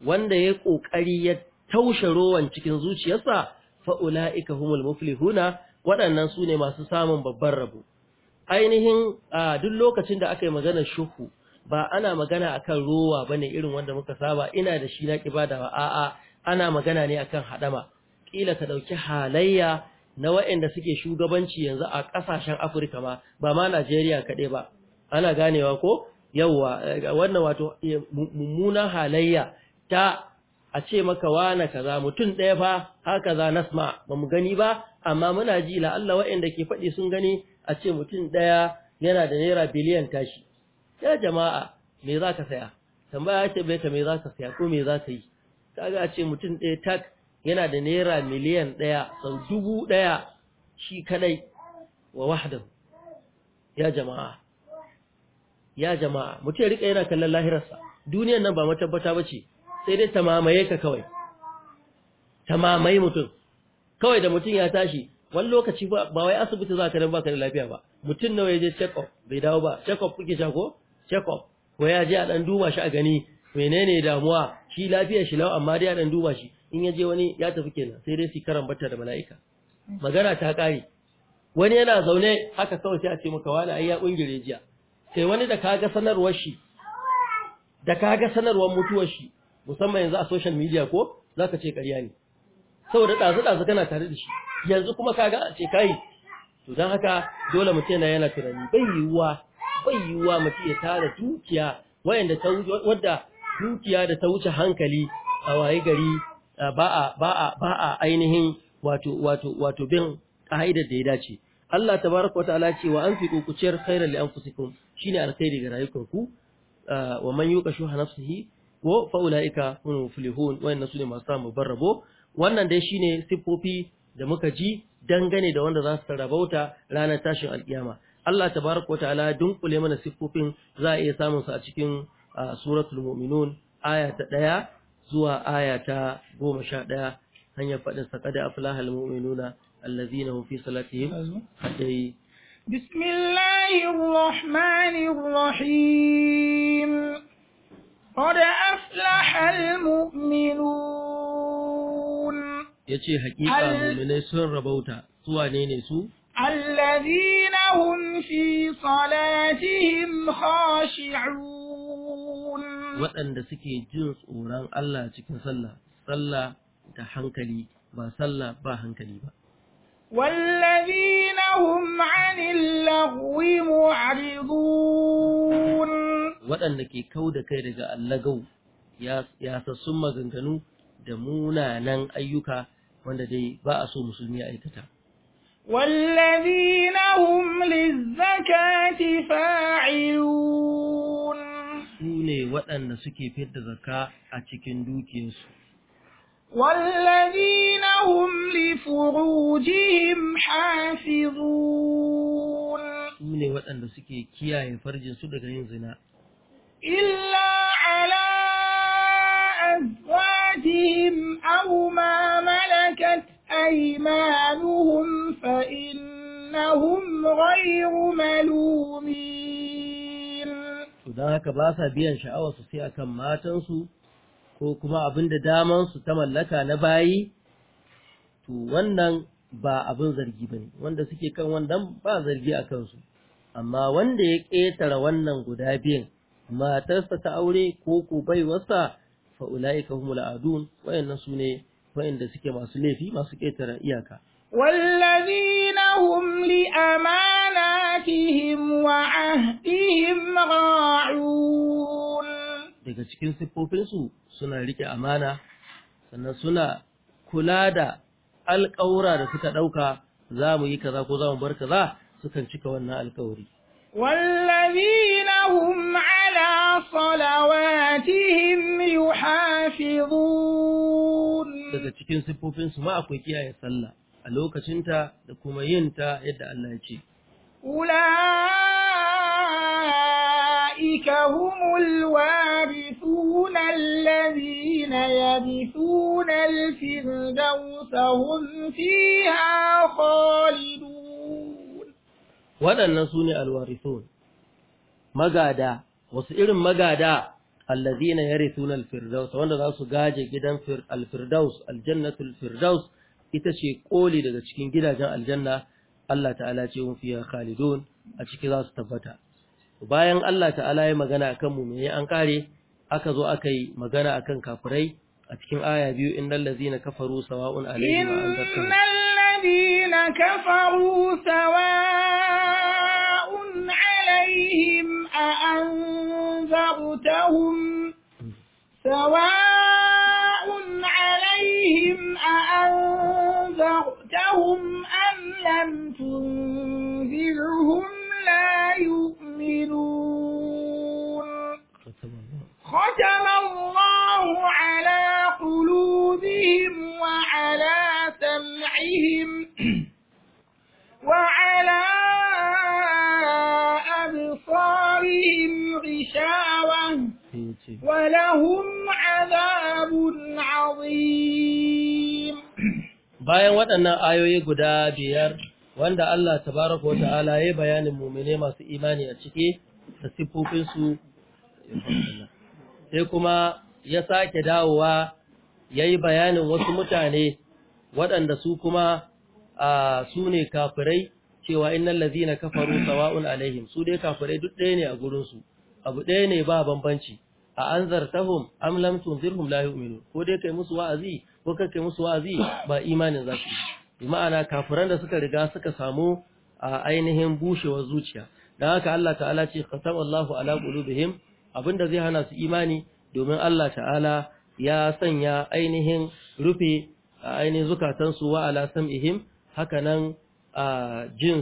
Speaker 1: wanda ya kokari ya taushe rowan cikin zuciyarsa fa ulaika humul muflihuna waɗannan su ne masu samun babban rabo ainihin a duk lokacin da aka yi maganar shuhu ba ana magana akan rowa bane irin wanda muka saba ina da shi na kibada ba a'a ana magana ne akan hadama kila ka dauki halayya na waɗanda suke shugabanci yanzu a ƙasashen Afirka ma ba ma Najeriya kaɗai ba ana ganewa ko yawa eh, wannan wato eh, mummunan halayya ta a ce maka wani kaza mutum ɗaya fa haka za nasma ba mu gani ba amma muna ji la Allah waɗanda ke faɗi sun gani a ce mutum ɗaya yana da naira biliyan tashi ya jama'a me za ka saya tambaya ce bai ka me za ka saya ko me za ka yi kaga a ce mutum ɗaya tak yana da naira miliyan ɗaya sau dubu ɗaya shi kadai wa wahdan ya jama'a ya jama'a mutum ya riƙa yana kallon lahirarsa duniyar nan ba matabbata ba ce sai dai ta ka kawai ta mutum kawai da mutum ya tashi wani lokaci ba wai asibiti za ka nan baka da lafiya ba mutum nawa ya je check up bai dawo ba check up kuke shako check up ko ya je a ɗan duba shi a gani menene damuwa shi lafiyar shi lau amma dai a ɗan duba shi in ya je wani ya tafi kenan sai dai su karan da mala'ika mm. magana ta kare wani yana zaune haka kawai sai a ce maka wani ayya ya kungire jiya Sai wani da kaga sanarwar shi da kaga sanarwar mutuwar shi musamman yanzu a social media ko zaka ce ƙarya ne saboda ɗazu-ɗazu kana tare da shi yanzu kuma kaga a ce kai to dan haka dole mutum yana yana tunani bai yiwuwa bai yiwuwa mutum ya tara dukiya wanda ta wuce wadda dukiya da ta wuce hankali a waye gari ba a ainihin wato bin ka'idar da ya dace Allah Ta baraka wata ala ce wa anfiqu kuciyar khairan li shi ne alkhairi ga rayukanku wa man yuqa shuha nafsihi fa'ula ika ulaika hum muflihun wayannan sune masu samun barrabo wannan dai shi ne siffofi da muka ji dangane da wanda za su rabauta ranar tashin alkiyama Allah tabaraka wata ala dunkule mana siffofin za a iya samun su a cikin suratul mu'minun aya ta ɗaya zuwa aya ta ɗaya, hanyar faɗin da aflahal mu'minuna allazina hum fi salatihim khashi'un
Speaker 2: bismillahir rahmanir rahim qad aflahal mu'minun
Speaker 1: yace hakika mu'minai sun rabauta suwa su
Speaker 2: الذين هم في صلاتهم خاشعون waɗanda
Speaker 1: suke jin tsoron Allah cikin sallah sallah da hankali ba sallah ba hankali ba waɗanda ke kau da kai daga allagau ya sassun maganganu da munanan ayyuka wanda dai ba a so musulmi a aikata
Speaker 2: والذين هم
Speaker 1: للزكاة فاعلون su ne waɗanda suke fidda zakka a cikin dukiyarsu.
Speaker 2: والذين هم لفروجهم حافظون
Speaker 1: su ne waɗanda suke kiyaye farjinsu daga yin zina
Speaker 2: illa ala azwajihim aw ma malakat aymanuhum fa innahum ghayru malumin
Speaker 1: don haka ba sa biyan sha'awarsu sai akan matansu ko kuma abin da damansu ta mallaka na bayi to wannan ba abin zargi ba ne wanda suke kan wannan ba zargi a kansu amma wanda ya ƙetare wannan guda biyan matarsa ta aure ko ko bai baiwarsa fa ka humul adun wayannan su ne wayanda suke masu laifi masu ƙetare iyaka
Speaker 2: wallazina na li amana وعهدهم وعهدهم راعون
Speaker 1: daga cikin siffofinsu suna rike amana sannan suna kula da alƙawura da suka ɗauka za mu yi kaza ko za mu bar kaza sukan cika wannan alƙawari
Speaker 2: والذين هم على صلواتهم يحافظون
Speaker 1: daga cikin siffofinsu ma akwai kiyaye sallah a lokacinta da kuma yinta yadda Allah ya ce
Speaker 2: أولئك هم الوارثون الذين يرثون الفردوس
Speaker 1: هم فيها
Speaker 2: خالدون
Speaker 1: ولا سنة الوارثون مقادة وسئل مقادة الذين يرثون الفردوس وانا راسو قاجة جدا الفردوس الجنة الفردوس itace koli daga cikin gidajen aljanna Allah ta'ala ce hun fiya khalidun a ciki za su tabbata bayan Allah ta'ala ya magana akan mu'mini an kare aka zo aka yi magana akan kafirai a cikin aya biyu innal ladzina kafaru sawa'un alaihim anzartum innal
Speaker 2: ladzina kafaru sawa'un alayhim a anzartahum sawa'un alayhim a anzartahum لم تنذرهم لا يؤمنون ختم الله على قلوبهم وعلى سمعهم وعلى أبصارهم غشاوة ولهم عذاب عظيم
Speaker 1: bayan waɗannan ayoyi guda biyar wanda Allah tabaraka wa ta'ala ya bayanin mumine masu imani a ciki da siffofinsu sai kuma ya sake dawowa ya yi bayanin wasu mutane waɗanda su kuma su ne kafirai cewa lazi lazina kafaru sawa'un alaihim su dai kafirai duk ɗaya ne a gurinsu abu ɗaya ne ba bambanci a an am lam tunzirhum la yu'minu ko dai kai musu wa'azi ko kai musu wa'azi ba imanin zasu bi ma'ana kafiran da suka riga suka samu a ainihin bushewar zuciya dan haka Allah ta'ala ce khatama Allahu ala qulubihim abinda zai hana su imani domin Allah ta'ala ya sanya ainihin rufe ainihin zukatansu wa ala sam'ihim hakanan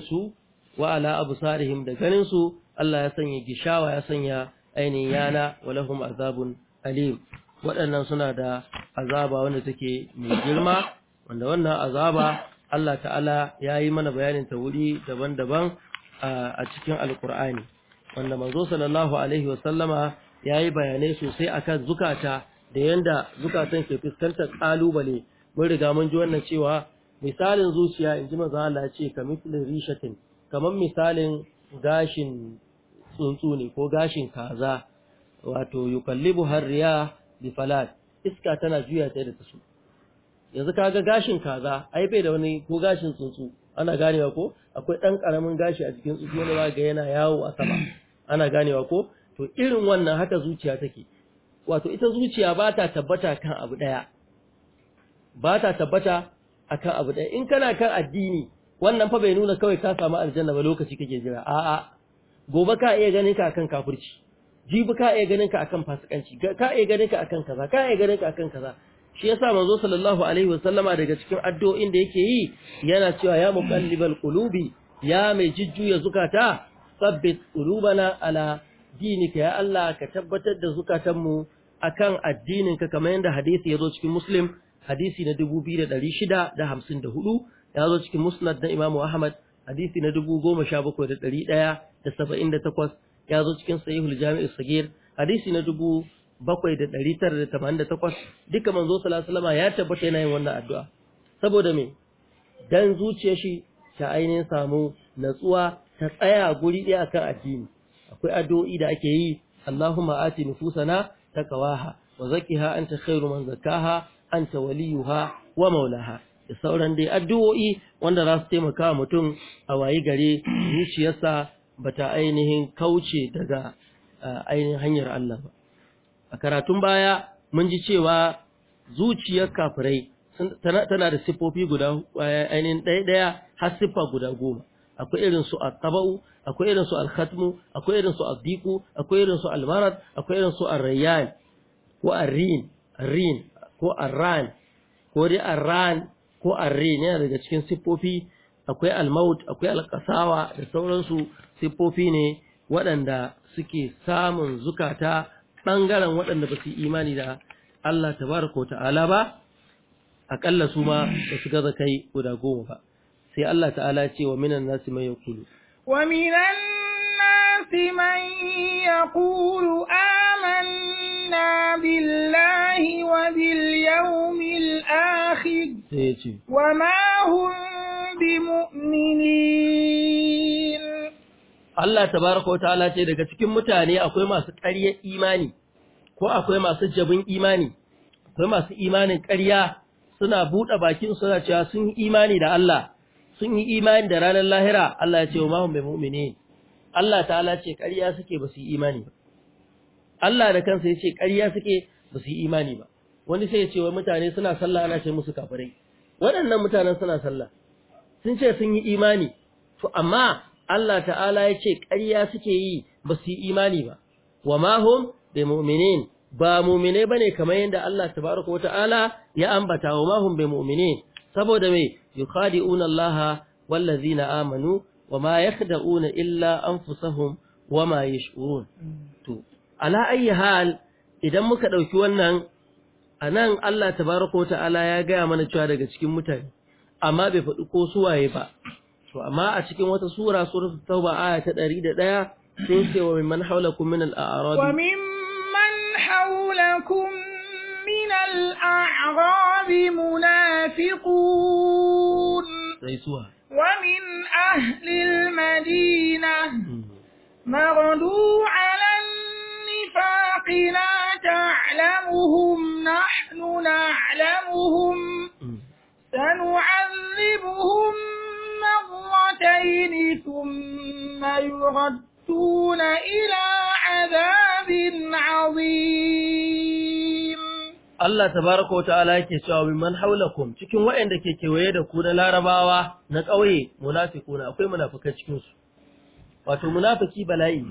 Speaker 1: su wa ala absarihim da ganin su Allah ya sanya gishawa ya sanya ainihin yana walahum azabun alim waɗannan suna da azaba wanda take mai girma wanda wannan azaba Allah ta'ala ya yi mana bayanin ta wuri daban-daban a cikin alkur'ani wanda manzo sallallahu alaihi wasallama ya yi bayanai sosai a kan zukata da yanda zukatan ke fuskantar kalubale mun riga mun ji wannan cewa misalin zuciya in ji maza Allah ce rishatin kamar misalin gashin tsuntsu ne ko gashin kaza wato yukallibu harriya bi falat iska tana juya ta da tasu yanzu kaga gashin kaza ai bai da wani ko gashin tsuntsu ana ganewa ko akwai dan karamin gashi a jikin tsuntsu ne ba ga yana yawo a sama ana ganewa ko to irin wannan haka zuciya take wato ita zuciya ba ta tabbata kan abu daya ba ta tabbata akan abu daya in kana kan addini wannan fa bai nuna kawai ka samu aljanna ba lokaci kake jira a'a gobe ka iya ganin ka akan kafirci jibi ka iya ganin ka akan fasikanci ka iya ganin ka akan kaza ka iya ganin ka akan kaza shi yasa manzo sallallahu alaihi wasallama daga cikin addu'o'in da yake yi yana cewa ya muqallibal qulubi ya mai jujjuya zukata sabbit qulubana ala dinika ya Allah ka tabbatar da zukatan mu akan addininka kamar yadda hadisi yazo cikin muslim hadisi na 2654 zo cikin musnad na imamu ahmad hadisi na 17100 da saba'in da takwas ya zo cikin sahihul jami'u sagir hadisi na dubu bakwai da ɗari tara da tamanin da takwas duka manzo sallallahu ya tabbata yana yin wannan addu'a saboda me dan zuciyar shi ta ainihin samu natsuwa ta tsaya guri ɗaya akan addini akwai addu'o'i da ake yi Allahumma ati nufusana taqwaha wa zakkiha anta khairu man zakkaha anta waliyuha wa maulaha da sauran dai addu'o'i wanda za su taimaka mutum a wayi gare zuciyarsa bata ainihin kauce daga eh, ainihin hanyar Allah ba a karatun baya mun ji cewa zuciyar kafirai tana da siffofi guda eh, ainihin ɗaya-ɗaya har siffa guda goma akwai irin su al-taba'u akwai irin su al-khatmu akwai irin su al-diku akwai irin su al-marad akwai irin su ar-rayyan ko ar-rin rin ko ar-ran ko dai ar-ran ko ar-rin yana daga cikin siffofi akwai almaut akwai alkasawa da sauransu siffofi ne waɗanda suke samun zukata ɓangaren waɗanda ba su imani da Allah tabaraka ta'ala ba aƙalla su ma da su gaza kai guda goma ba sai Allah ta'ala ce wa minan nasi mai yaqulu
Speaker 2: wa minan nasi mai yaqulu amanna billahi wa bil yawmil akhir wa ma hum بمؤمنين
Speaker 1: الله تبارك وتعالى ce daga cikin mutane akwai masu ƙarya imani ko akwai masu jabin imani akwai masu imanin ƙarya suna buɗe bakin suna cewa sun yi imani da Allah sun yi imani da ranar lahira Allah ya ce wa mahum bai mu'mini Allah ta'ala ce ƙarya suke ba su yi imani ba Allah da kansa ya ce ƙarya suke ba su yi imani ba wani sai ya ce wa mutane suna sallah ana ce musu kafirai waɗannan mutanen suna sallah sun ce sun yi imani to amma Allah ta'ala ya ce ƙarya suke yi ba su yi imani ba wa ma hum ba mu'minin ba ne bane kamar yadda Allah tabaraka ta’ala ya ambata wa ma hum bi mu'minin saboda mai yukhadi'una Allah wallazina amanu wa ma yakhda'una illa anfusahum wa ma yash'urun to ala ayi hal idan muka ɗauki wannan anan Allah tabaraka ta’ala ya gaya mana cewa daga cikin mutane amma bai faɗi ko suwaye ba to amma a cikin wata sura suratu tauba aya ta 101 sai ce wa mimman hawlakum min al arad wa
Speaker 2: mimman hawlakum min al arad munafiqun sai suwa wa min ahli al-madina maradu ala an-nifaq la ta'lamuhum nahnu na ولا
Speaker 1: يردون إلى عذاب عظيم Allah tabaraka wa ta'ala yake cewa man haulakum cikin waɗanda ke kewaye da ku na larabawa na ƙauye munafiquna akwai munafikai cikin wato munafiki bala'i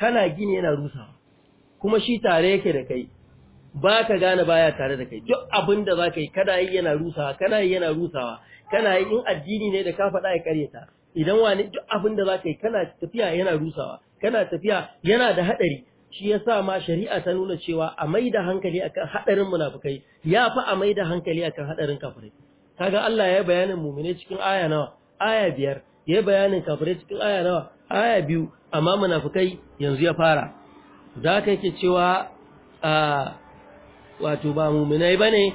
Speaker 1: kana gini yana rusa kuma shi tare yake da kai ba ka gane baya tare da kai duk abin da za ka yi kana yi yana rusawa kana yi yana rusawa kana yi in addini ne da ka faɗa ya karyata idan wani duk abin da za ka yi kana tafiya yana rusawa kana tafiya yana da haɗari shi ya sa ma shari'a ta nuna cewa a mai da hankali akan haɗarin munafukai ya fi a mai da hankali akan haɗarin kafirai kaga Allah ya bayanin mumine cikin aya nawa aya biyar ya bayanin kafirai cikin aya nawa aya biyu amma munafukai yanzu ya fara za ka yake cewa wato ba muminai ne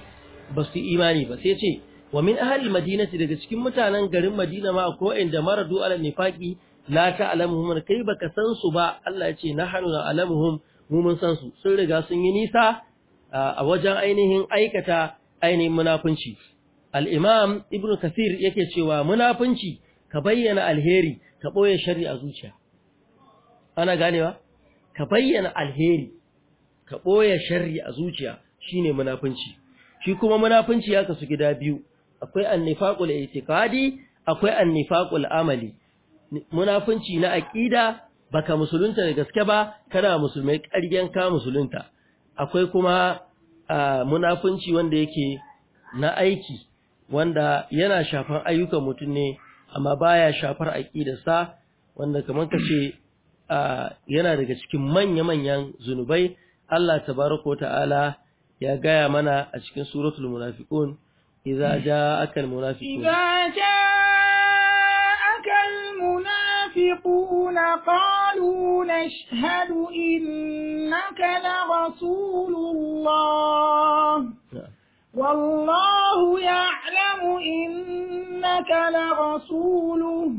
Speaker 1: ba su imani ba sai ce wa min ahli madinati daga cikin mutanen garin Madina ma ko inda maradu ala nifaqi la ta'lamuhum kai baka san su ba Allah ya ce nahnu na'lamuhum mu mun san su sun riga sun yi nisa a wajen ainihin aikata ainihin munafunci al-imam ibnu kathir yake cewa munafunci ka bayyana alheri ka boye sharri a zuciya ana ganewa ka bayyana alheri ka boye sharri a zuciya shine munafunci shi kuma munafunci ya kasu gida biyu akwai annifaqul i'tiqadi akwai annifaqul amali munafunci na aqida baka musulunta da gaske ba kana musulmai ƙaryen ka musulunta akwai kuma munafunci wanda yake na aiki wanda yana shafan ayyukan mutum ne amma baya shafar aqidarsa wanda kaman kace yana daga cikin manya-manyan zunubai Allah tabaraka ta'ala ya gaya mana a cikin suratul munafiqun إذا جاءك المنافقون
Speaker 2: إذا جاءك المنافقون قالوا نشهد إنك لرسول الله نعم. والله يعلم إنك لرسوله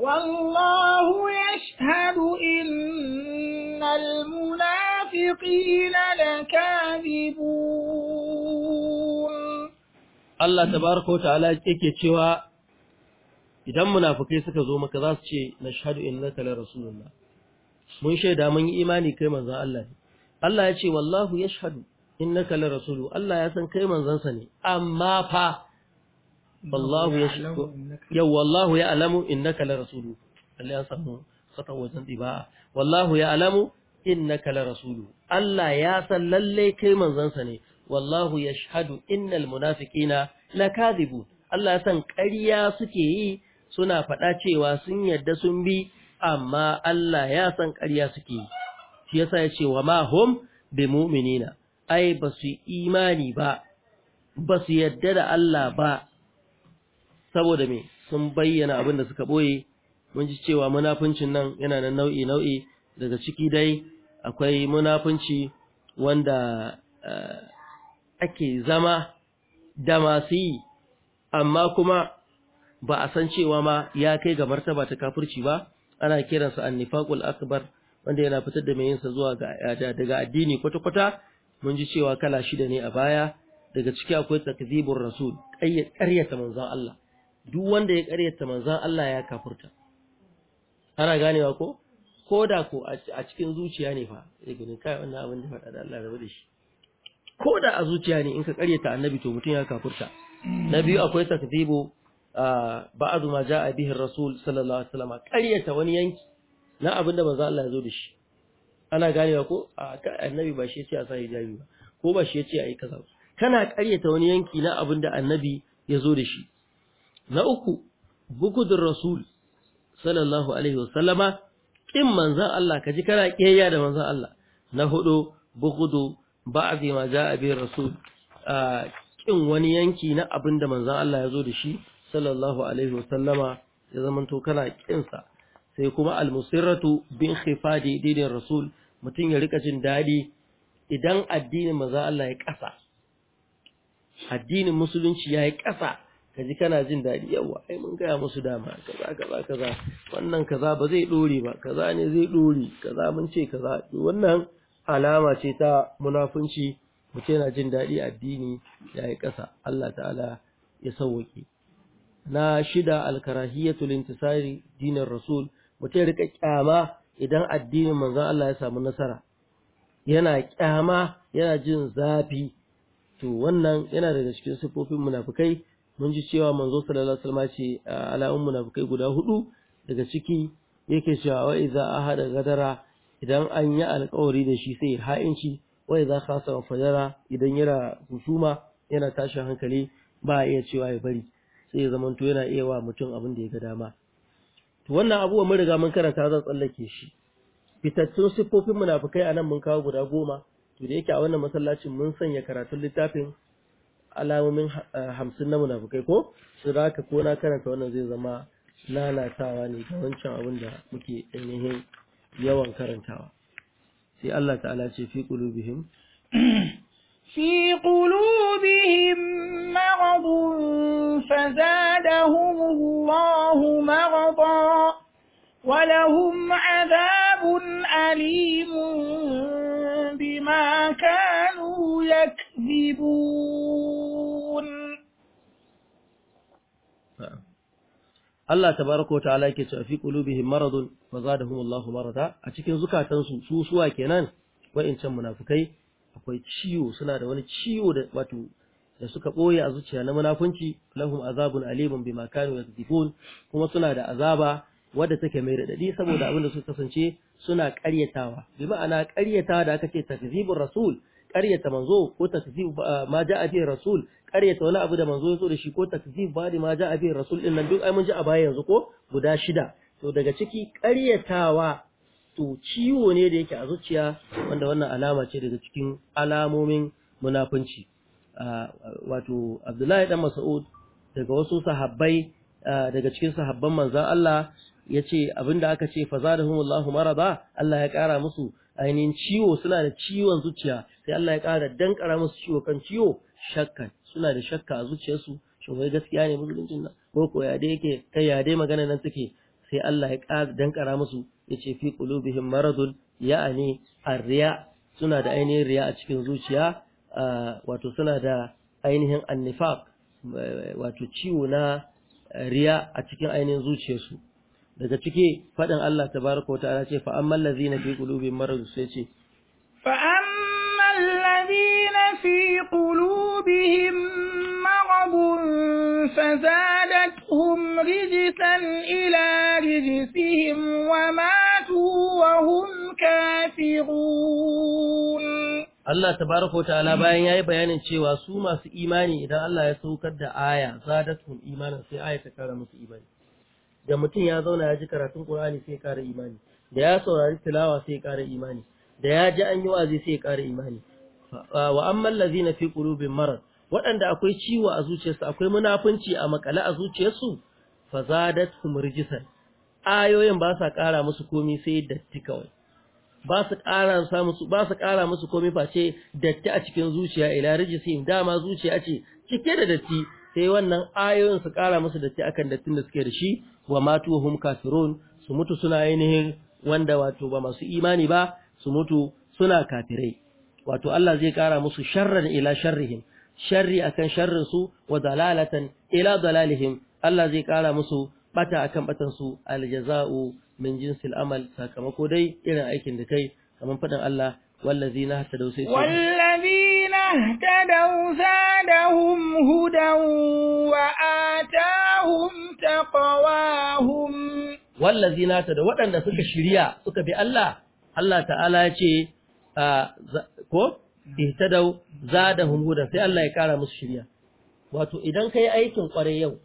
Speaker 2: والله يشهد إن المنافقين لكاذبون
Speaker 1: Allah ta tabaraka wa ta'ala yake cewa idan munafukai suka zo maka za su ce na shahadu in na la rasulullah mun shaida mun yi imani kai manzon Allah ne Allah ya ce wallahu ya shahadu in na la rasulu Allah ya san kai manzon sa ne amma fa
Speaker 2: wallahu yashhadu
Speaker 1: ya wallahu ya alamu in na la rasulu Allah ya samu khata wajen diba wallahu ya alamu in na la rasulu Allah ya san lallai kai manzon sa ne wallahu ya yashhadu innal na lakadhibu Allah san ƙarya suke yi suna faɗa cewa sun yadda sun bi amma Allah ya san ƙarya suke yi shi yasa ya ce wa ma hum bi mu'minina ai ba su imani ba ba su yadda da Allah ba saboda me sun bayyana abin da suka boye mun ji cewa munafincin nan yana nan nau'i nau'i daga ciki dai akwai munafunci wanda eh, ake zama da masu yi amma kuma ba a san cewa ma ya kai ga martaba ta kafirci ba ana kiransa annifaqul akbar wanda yana fitar da mai yinsa zuwa daga addini kwata-kwata mun ji cewa kala shida ne a baya daga ciki akwai takzibur rasul ƙaryata manzon Allah duk wanda ya ƙaryata manzon Allah ya kafurta ana ganewa ko ko da ko a cikin zuciya ne fa ya gani kai wannan abin da faɗa da Allah rabu da shi ko da a zuciya ne in ka karyata annabi to mutum ya kafurta na biyu akwai takzibu ba'adu ma ja'a bihi rasul sallallahu alaihi wasallam karyata wani yanki na abinda manzo Allah ya zo da shi ana ganewa ko annabi ba shi yace a sa hijabi ba ko ba shi yace ayi kaza kana karyata wani yanki na abinda annabi ya zo da shi na uku bukudur rasul sallallahu alaihi wasallama kin manzo Allah kaji kana kiyayya da manzo Allah na hudu bukudu ba a ma za a bin rasul a kin wani yanki na abin da manzon Allah ya zo da shi sallallahu alaihi wasallama ya zamanto kana kinsa sai kuma almusirratu bin khifadi dinin rasul mutum ya rika jin daɗi. idan addinin manzon Allah ya ƙasa, addinin musulunci ya yi kasa ka ji kana jin daɗi yawa ai mun gaya musu dama kaza kaza kaza wannan kaza ba zai ɗore ba kaza ne zai ɗore kaza mun ce kaza wannan alama ce ta munafunci mutum yana jin daɗi addini ya yi ƙasa Allah ta'ala ya sauwaƙe na shida alkarahiyatul intisari dinin rasul mutum ya rika kyama idan addinin manzon Allah ya samu nasara yana ƙyama, yana jin zafi to wannan yana daga cikin sifofin munafukai mun ji cewa manzo sallallahu alaihi wasallam ce alamun munafukai guda hudu daga ciki yake cewa wa a ahada gadara idan an yi alƙawari da shi sai ya ha'inci wai za ka wa fajara idan yana husuma yana tashin hankali ba a iya cewa ya bari sai ya zamanto yana iya wa mutum abin da ya ga dama to wannan abubuwan mun riga mun karanta zan tsallake shi fitattun siffofin munafukai anan mun kawo guda goma to da yake a wannan masallacin mun sanya karatun littafin alamomin eh, hamsin na munafukai ko su za ko na karanta wannan zai zama lalatawa ne ga wancan abin da muke ainihin yawan karantawa sai Allah ta'ala ce fi qulubihim
Speaker 2: fi qulubihim maradun fazadahum Allahu marada ولهم عذاب أليم بما كانوا يكذبون
Speaker 1: Allah ta tabaraka ta'ala yake cewa fi qulubihim maradun fa zadahum Allahu marada a cikin zukatansu su suwa kenan wa'incan munafukai akwai ciwo suna da wani ciwo da wato da suka boye a zuciya na munafunci lahum azabun alimun bima kanu kuma suna da azaba wadda take mai radadi saboda abin da suka kasance suna ƙaryatawa bi ma'ana ƙaryatawa da aka ce takzibur rasul ƙaryata manzo ko takzib ma ja a bi rasul ƙaryata wani abu da manzo ya zo da shi ko takzib ba da ma a rasul ɗin nan duk ai mun ji a baya yanzu ko guda shida to daga ciki ƙaryatawa to ciwo ne da yake a zuciya wanda wannan alama ce daga cikin alamomin munafunci wato Abdullahi dan Mas'ud daga wasu sahabbai daga cikin sahabban manzon Allah Yace abinda aka ce fa zadahum Allahu marada Allah ya kara musu ainihin ciwo suna da ciwon zuciya sai Allah ya kara dankara musu ciwo kan ciwo shakka suna da shakka a zuciyarsu shin gaskiya ne musulunci nan ko ya dai yake kai ya dai magana nan take sai Allah ya kara dankara musu yace fi qulubihim maradun ya'ani arriya suna da ainihin riya a cikin zuciya wato suna da ainihin annifaq wato ciwo na riya a cikin ainihin zuciyarsu daga ciki faɗin Allah tabaraka wa ta'ala ce fa ammal ladzina fi qulubihim marad sai ce
Speaker 2: fa ammal ladzina fi qulubihim marad ila rijsihim wa matu wa hum kafirun
Speaker 1: Allah tabaraka wa ta'ala bayan yayi bayanin cewa su masu imani idan Allah ya saukar da aya zadatuhum imanin sai aya ta kara musu imani da mutum ya zauna ya ji karatun Qur'ani sai ya ƙara imani da ya saurari tilawa sai ya ƙara imani da ya ji an yi wa'azi sai ya ƙara imani wa amman na fi ƙulubin marad waɗanda akwai ciwo a zuciyarsu akwai munafunci a makale a zuciyarsu fa zadatuhum rijsan ayoyin ba sa ƙara musu komai sai datti kawai ba su ƙara sa musu ba su ƙara musu komai face datti a cikin zuciya ila rijsin dama zuciya ce cike da datti sai wannan ayoyin su ƙara musu datti akan dattin da suke da shi wa matu hum kafirun su mutu suna ainihin wanda wato ba masu imani ba su mutu suna kafirai wato Allah zai kara musu sharran ila sharrihim sharri akan sharrin su wa dalalatan ila dalalihim Allah zai kara musu bata akan batan su aljaza'u min jinsil amal sakamako dai irin aikin da kai kaman fadan Allah wallazina hatadau sai
Speaker 2: wallazina hatadau zadahum hudan wa
Speaker 1: taqwahum wallazina ta da waɗanda suka shirya suka bi Allah Allah ta'ala ya ce ko ihtadaw zadahum hudan sai Allah ya kara musu shirya wato idan kai aikin kwarai yau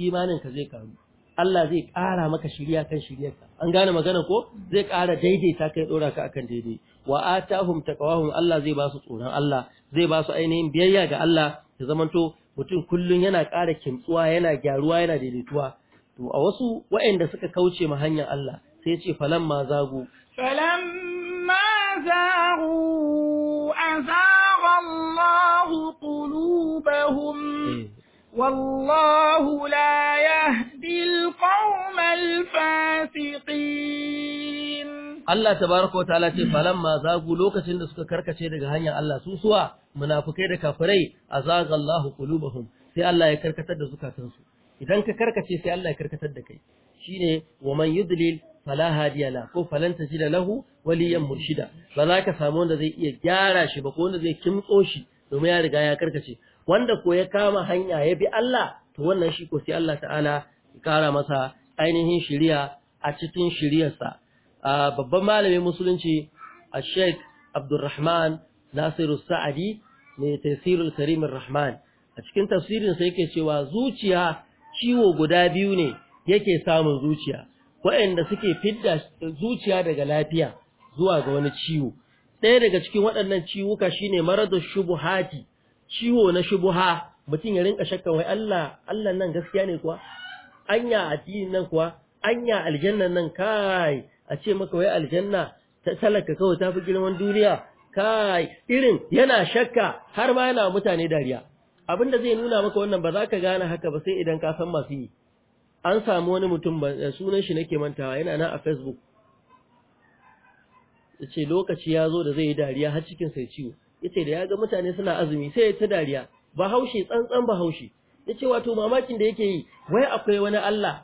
Speaker 1: imanin ka zai karu Allah zai ƙara maka shirya kan shiryarka an gane magana ko zai kara daidaita kai dora ka akan daidai wa atahum taqawahum Allah zai ba su tsoron Allah zai ba su ainihin biyayya ga Allah ya zamanto mutum kullum yana ƙara kintsuwa, yana gyaruwa yana daidaituwa to a wasu waɗanda suka kauce ma hanyar Allah sai ce ma zagu
Speaker 2: falamma zagu azara Allahu qulubahum eh.
Speaker 1: wallahu la
Speaker 2: yahdi al fasiqin
Speaker 1: Allah tabaraka wa ta'ala ce falamma zagu lokacin da suka karkace daga hanyar Allah su suwa munafikai da kafirai azaga Allah qulubahum sai Allah ya karkatar da zukatansu idan ka karkace sai Allah ya karkatar da kai shine wa man yudlil fala hadiya la ko falan tajida lahu waliyan murshida ba za ka samu wanda zai iya gyara shi ba ko wanda zai kimtso shi domin ya riga ya karkace wanda ko ya kama hanya ya bi Allah to wannan shi ko sai Allah ta'ala ya kara masa ainihin shiriya a cikin shiriyarsa babban malamin musulunci a sheikh abdurrahman nasiru sa'adi mai tafsirul karimin rahman a cikin tafsirinsa yake cewa zuciya ciwo guda biyu ne yake samun zuciya waɗanda suke fidda zuciya daga lafiya zuwa ga wani ciwo ɗaya daga cikin waɗannan ciwuka shine maradu shubuhati ciwo na shubuha mutum ya rinka shakkan wai Allah Allah nan gaskiya ne kuwa anya addinin nan kuwa anya aljannan nan kai a ce maka wai aljanna ta talaka kawai ta fi girman duniya kai irin yana shakka har ma yana mutane dariya Abin da zai nuna maka wannan ba za ka gane haka ba sai idan ka san masu yi an samu wani mutum eh, sunan shi nake mantawa yana nan a facebook ya ce lokaci ya zo da zai yi dariya har cikin sai ciwo ya ce da ya ga mutane suna azumi sai ya ta dariya ba haushi tsantsan ba haushi ya ce wato mamakin da yake yi wai akwai wani Allah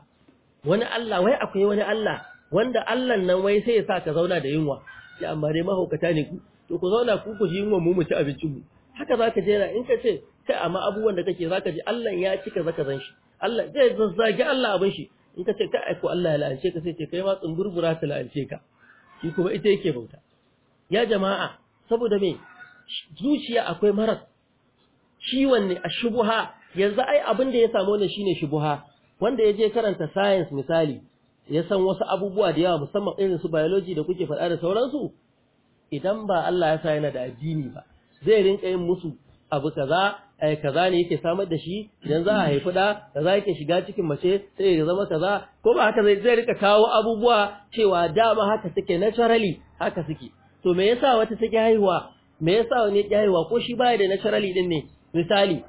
Speaker 1: wani Allah wai akwai wani Allah wanda Allah nan wai sai ya sa ka zauna da yunwa ya amma dai mahaukata ne ku to ku zauna ku ku ji yunwa mu mu ci abincin mu haka zaka na, in ka ce kai amma abubuwan da kake zaka ji Allah ya cika zaka zan shi Allah zai zazzage Allah abin shi in ka ce ka aiko Allah ya la'ance ka sai ce kai ma tsungurgura ta la'ance ka shi kuma ita yake bauta ya jama'a saboda me zuciya akwai maras ciwon ne a shubuha yanzu ai abin da ya samu ne shine shubuha wanda ya je karanta science misali ya san wasu abubuwa da yawa musamman irin su biology da kuke faɗa da sauransu idan ba Allah ya sa yana da addini ba zai rinka yin musu abu kaza ai kaza ne yake samar da shi idan za a haifi da kaza yake shiga cikin mace sai ya zama kaza ko ba haka zai rika kawo abubuwa cewa dama haka take naturally haka suke to me yasa wata take haihuwa me yasa wani ya haihuwa ko shi baya da naturally din ne misali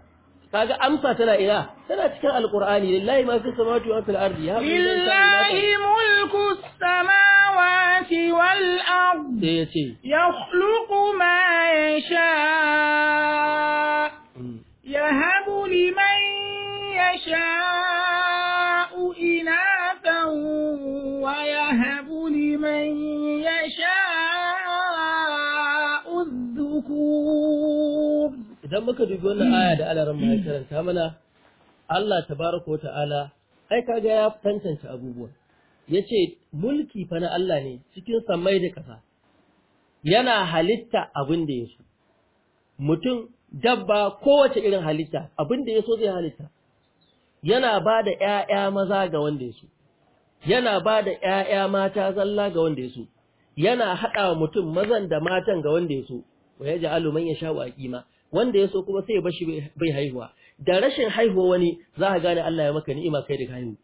Speaker 1: kaga amsa tana ina tana cikin alqur'ani lillahi ma fi samawati wa fil ardi lillahi mulku
Speaker 2: samawati wal ardi yakhluqu ma yasha yahabu liman yasha inathan wa yahabu liman yasha الذكور
Speaker 1: idan muka dubi wannan aya da alaran makaranta karanta mana Allah tabaraka wa ta'ala ai kaga ya tantance abubuwa yace mulki fa na Allah ne cikin samai da kasa yana halitta abin da yaso mutum dabba kowace irin halitta abin da yaso zai halitta yana ba da ‘ya'ya maza ga wanda ya yana ba da ‘ya'ya mata zalla ga wanda yaso yana haɗawa mutum mazan da matan ga wanda yaso wa yaj'alu man ya sha wanda ya so kuma sai ya bashi bai haihuwa da rashin haihuwa wani za ka gane Allah ya maka ni'ima kai da haihu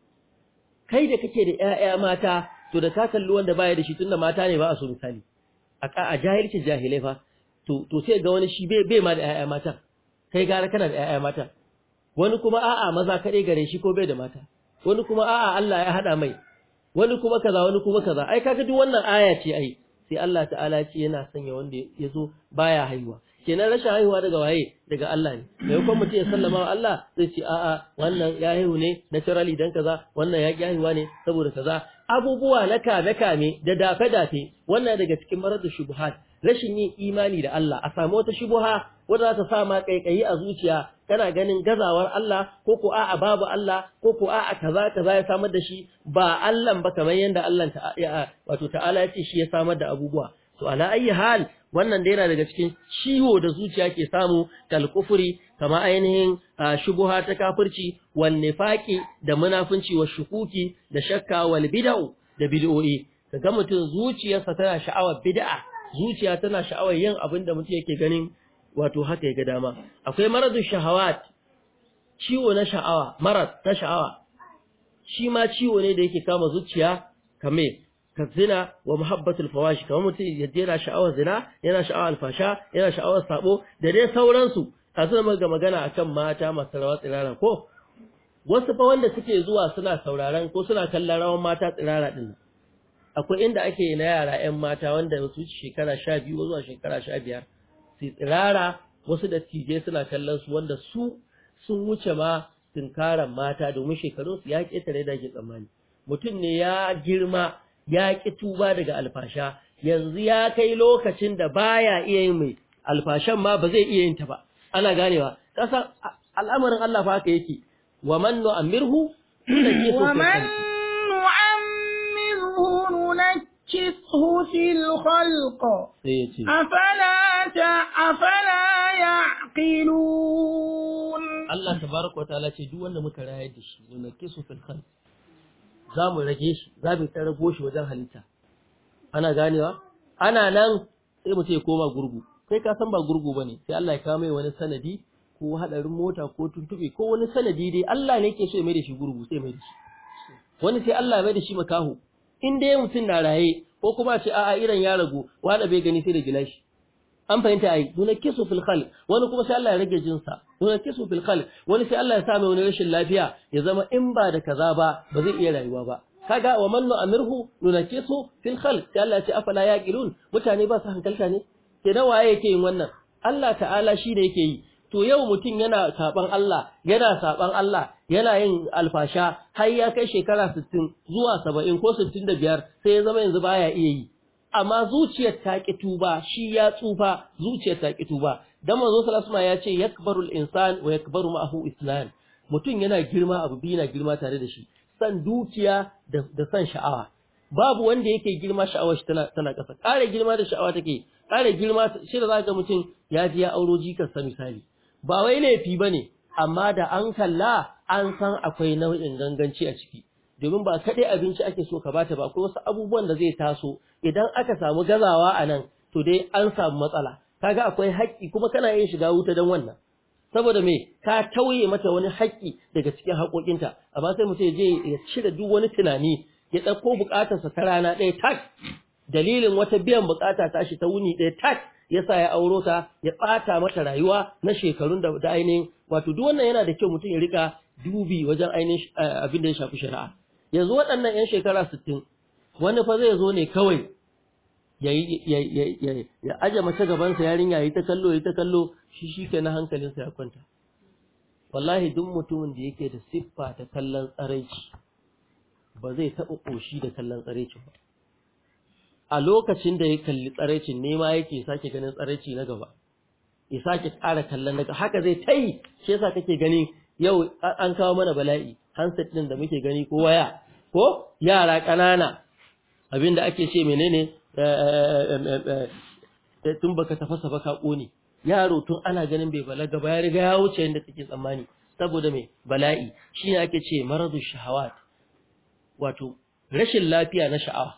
Speaker 1: kai da kake da ƴaƴa mata to da ka kalli wanda baya da shi tunda mata ne ba a so misali a a jahilci jahilai fa to to sai ga wani shi bai ma da ƴaƴa mata kai gara kana da ƴaƴa mata wani kuma a'a maza kaɗai gare shi ko bai da mata wani kuma a'a Allah ya hada mai wani kuma kaza wani kuma kaza ai kaga duk wannan aya ce ai sai Allah ta'ala ce yana sanya wanda ya zo baya haihuwa kenan rashin haihuwa daga waye daga Allah ne mai kuma mutum ya sallama wa Allah zai ce a'a wannan ya haihu ne naturally dan kaza wannan ya haihuwa ne saboda kaza abubuwa na kame kame da dafe dafe wannan daga cikin marar da shubuhat rashin yin imani da Allah a samu wata shubuha wadda za ta sa ma kaikayi a zuciya kana ganin gazawar Allah ko ko a'a babu Allah ko ko a'a kaza kaza ya samar da shi ba Allah ba kamar yanda Allah ta wato ta'ala ya ce shi ya samar da abubuwa to ala ayi hal wannan da yana daga cikin ciwo da zuciya ke samu kufuri kama ainihin shubuha ta kafirci wal nifaqi da munafunci wa shukuki da shakka wal bid'u da bid'o'i kaga mutum zuciyarsa tana sha'awar bid'a zuciya tana sha'awar yin abin da mutum yake ganin wato haka ya dama akwai maradu shahawat ciwo na sha'awa marad ta sha'awa shi ma ciwo ne da yake kama zuciya kame Kazina كالزنا ومحبة Kamar mutum متي yana sha'awar zina, yana sha'awar alfasha yana sha'awar sabo da dai sauransu a suna muka magana akan mata masu rawa tsirara ko wasu fa wanda suke zuwa suna sauraron ko suna kallon rawan mata tsirara din akwai inda ake na yara ƴan mata wanda su shekara 12 zuwa shekara 15 su tsirara wasu da tije suna kallon su wanda su sun wuce ma tunkaran mata domin su ya ƙetare da ke tsammani mutum ne ya girma ya ƙi tuba daga alfasha yanzu ya kai lokacin da baya iya yin mai alfashan ma ba zai iya yin ta ba ana ganewa kasa al'amarin Allah fa haka yake wa man nu'ammirhu wa man
Speaker 2: nu'ammirhu nunakkithu fil khalq afala ta afala ya'qilun
Speaker 1: Allah tabaraka wa ta'ala ce duk wanda muka rayar da shi nunakkithu fil khalq za mu rage shi za mu ta rago shi wajen halitta ana ganewa ana nan sai mu ce koma gurgu kai ka san ba gurgu bane sai Allah ya kawo mai wani sanadi ko hadarin mota ko tuntube ko wani sanadi dai Allah ne yake so ya mai da shi gurgu sai mai da shi wani sai Allah ya mai da shi makaho in dai mutum na raye ko kuma ce a'a irin ya ragu wanda bai gani sai da gilashi an fahimta ai nuna kisu fil khalq wani kuma sai Allah ya rage jinsa nuna kisu fil khalq wani sai Allah ya sa mai wani rashin lafiya ya zama in ba da kaza ba ba zai iya rayuwa ba kaga wa man nu'amirhu nuna kisu fil khalq sai Allah ya ce afala yaqilun mutane ba su hankalta ne ke da waye yake yin wannan Allah ta'ala shi ne yake yi to yau mutum yana saban Allah yana saban Allah yana yin alfasha har ya kai shekara 60 zuwa 70 ko 65 sai ya zama yanzu baya iya yi amma zuciyar ta ki tuba shi ya tsufa zuciyar ta ki tuba dan manzo sallallahu alaihi ya ce yakbarul insan wa yakbaru ma'ahu islam mutum yana girma abu biyu yana girma tare da shi san dukiya da san sha'awa babu wanda yake girma sha'awar shi tana kasa Kare girma da sha'awa take Kare girma shi da zaka mutum ya ji ya auro jikarsa misali ba wai laifi bane amma da an kalla an san akwai nau'in ganganci a ciki domin ba kaɗai abinci ake so ka bata ba akwai wasu abubuwan da zai taso idan aka samu gazawa a nan to dai an samu matsala ga akwai haƙƙi kuma kana yin shiga wuta don wannan saboda me ka tauye mata wani haƙƙi daga cikin haƙoƙinta amma sai mutum je ya cire duk wani tunani ya ɗauko buƙatarsa ta rana ɗaya tak dalilin wata biyan buƙata ta shi ta wuni ɗaya tak ya sa ya auro ta ya ɓata mata rayuwa na shekarun da ainihin wato duk wannan yana da kyau mutum ya riƙa dubi wajen ainihin eh, abin da ya shafi shari'a yanzu waɗannan 'yan shekara sittin wani fa zai zo ne kawai ya aje mace gabansa yarinya ya yi ta kallo ya yi ta kallo shi shi ke na hankalinsa ya kwanta wallahi duk mutumin da yake da siffa ta kallon tsaraici ba zai taɓa ƙoshi da kallon tsaraici ba a lokacin da ya kalli tsaraicin nema yake sake ganin tsaraici na gaba ya sake ƙara kallon daga haka zai ta yi shi yasa kake gani yau an kawo mana bala'i handset ɗin da muke gani ko waya ko yara ƙanana abinda ake ce menene eh, eh, eh, tun baka tafasa baka kone, yaro tun ana ganin bai balaga ba ya riga ya wuce yadda take tsammani saboda mai bala'i shine ake ce maradu shahawat wato rashin lafiya na sha'awa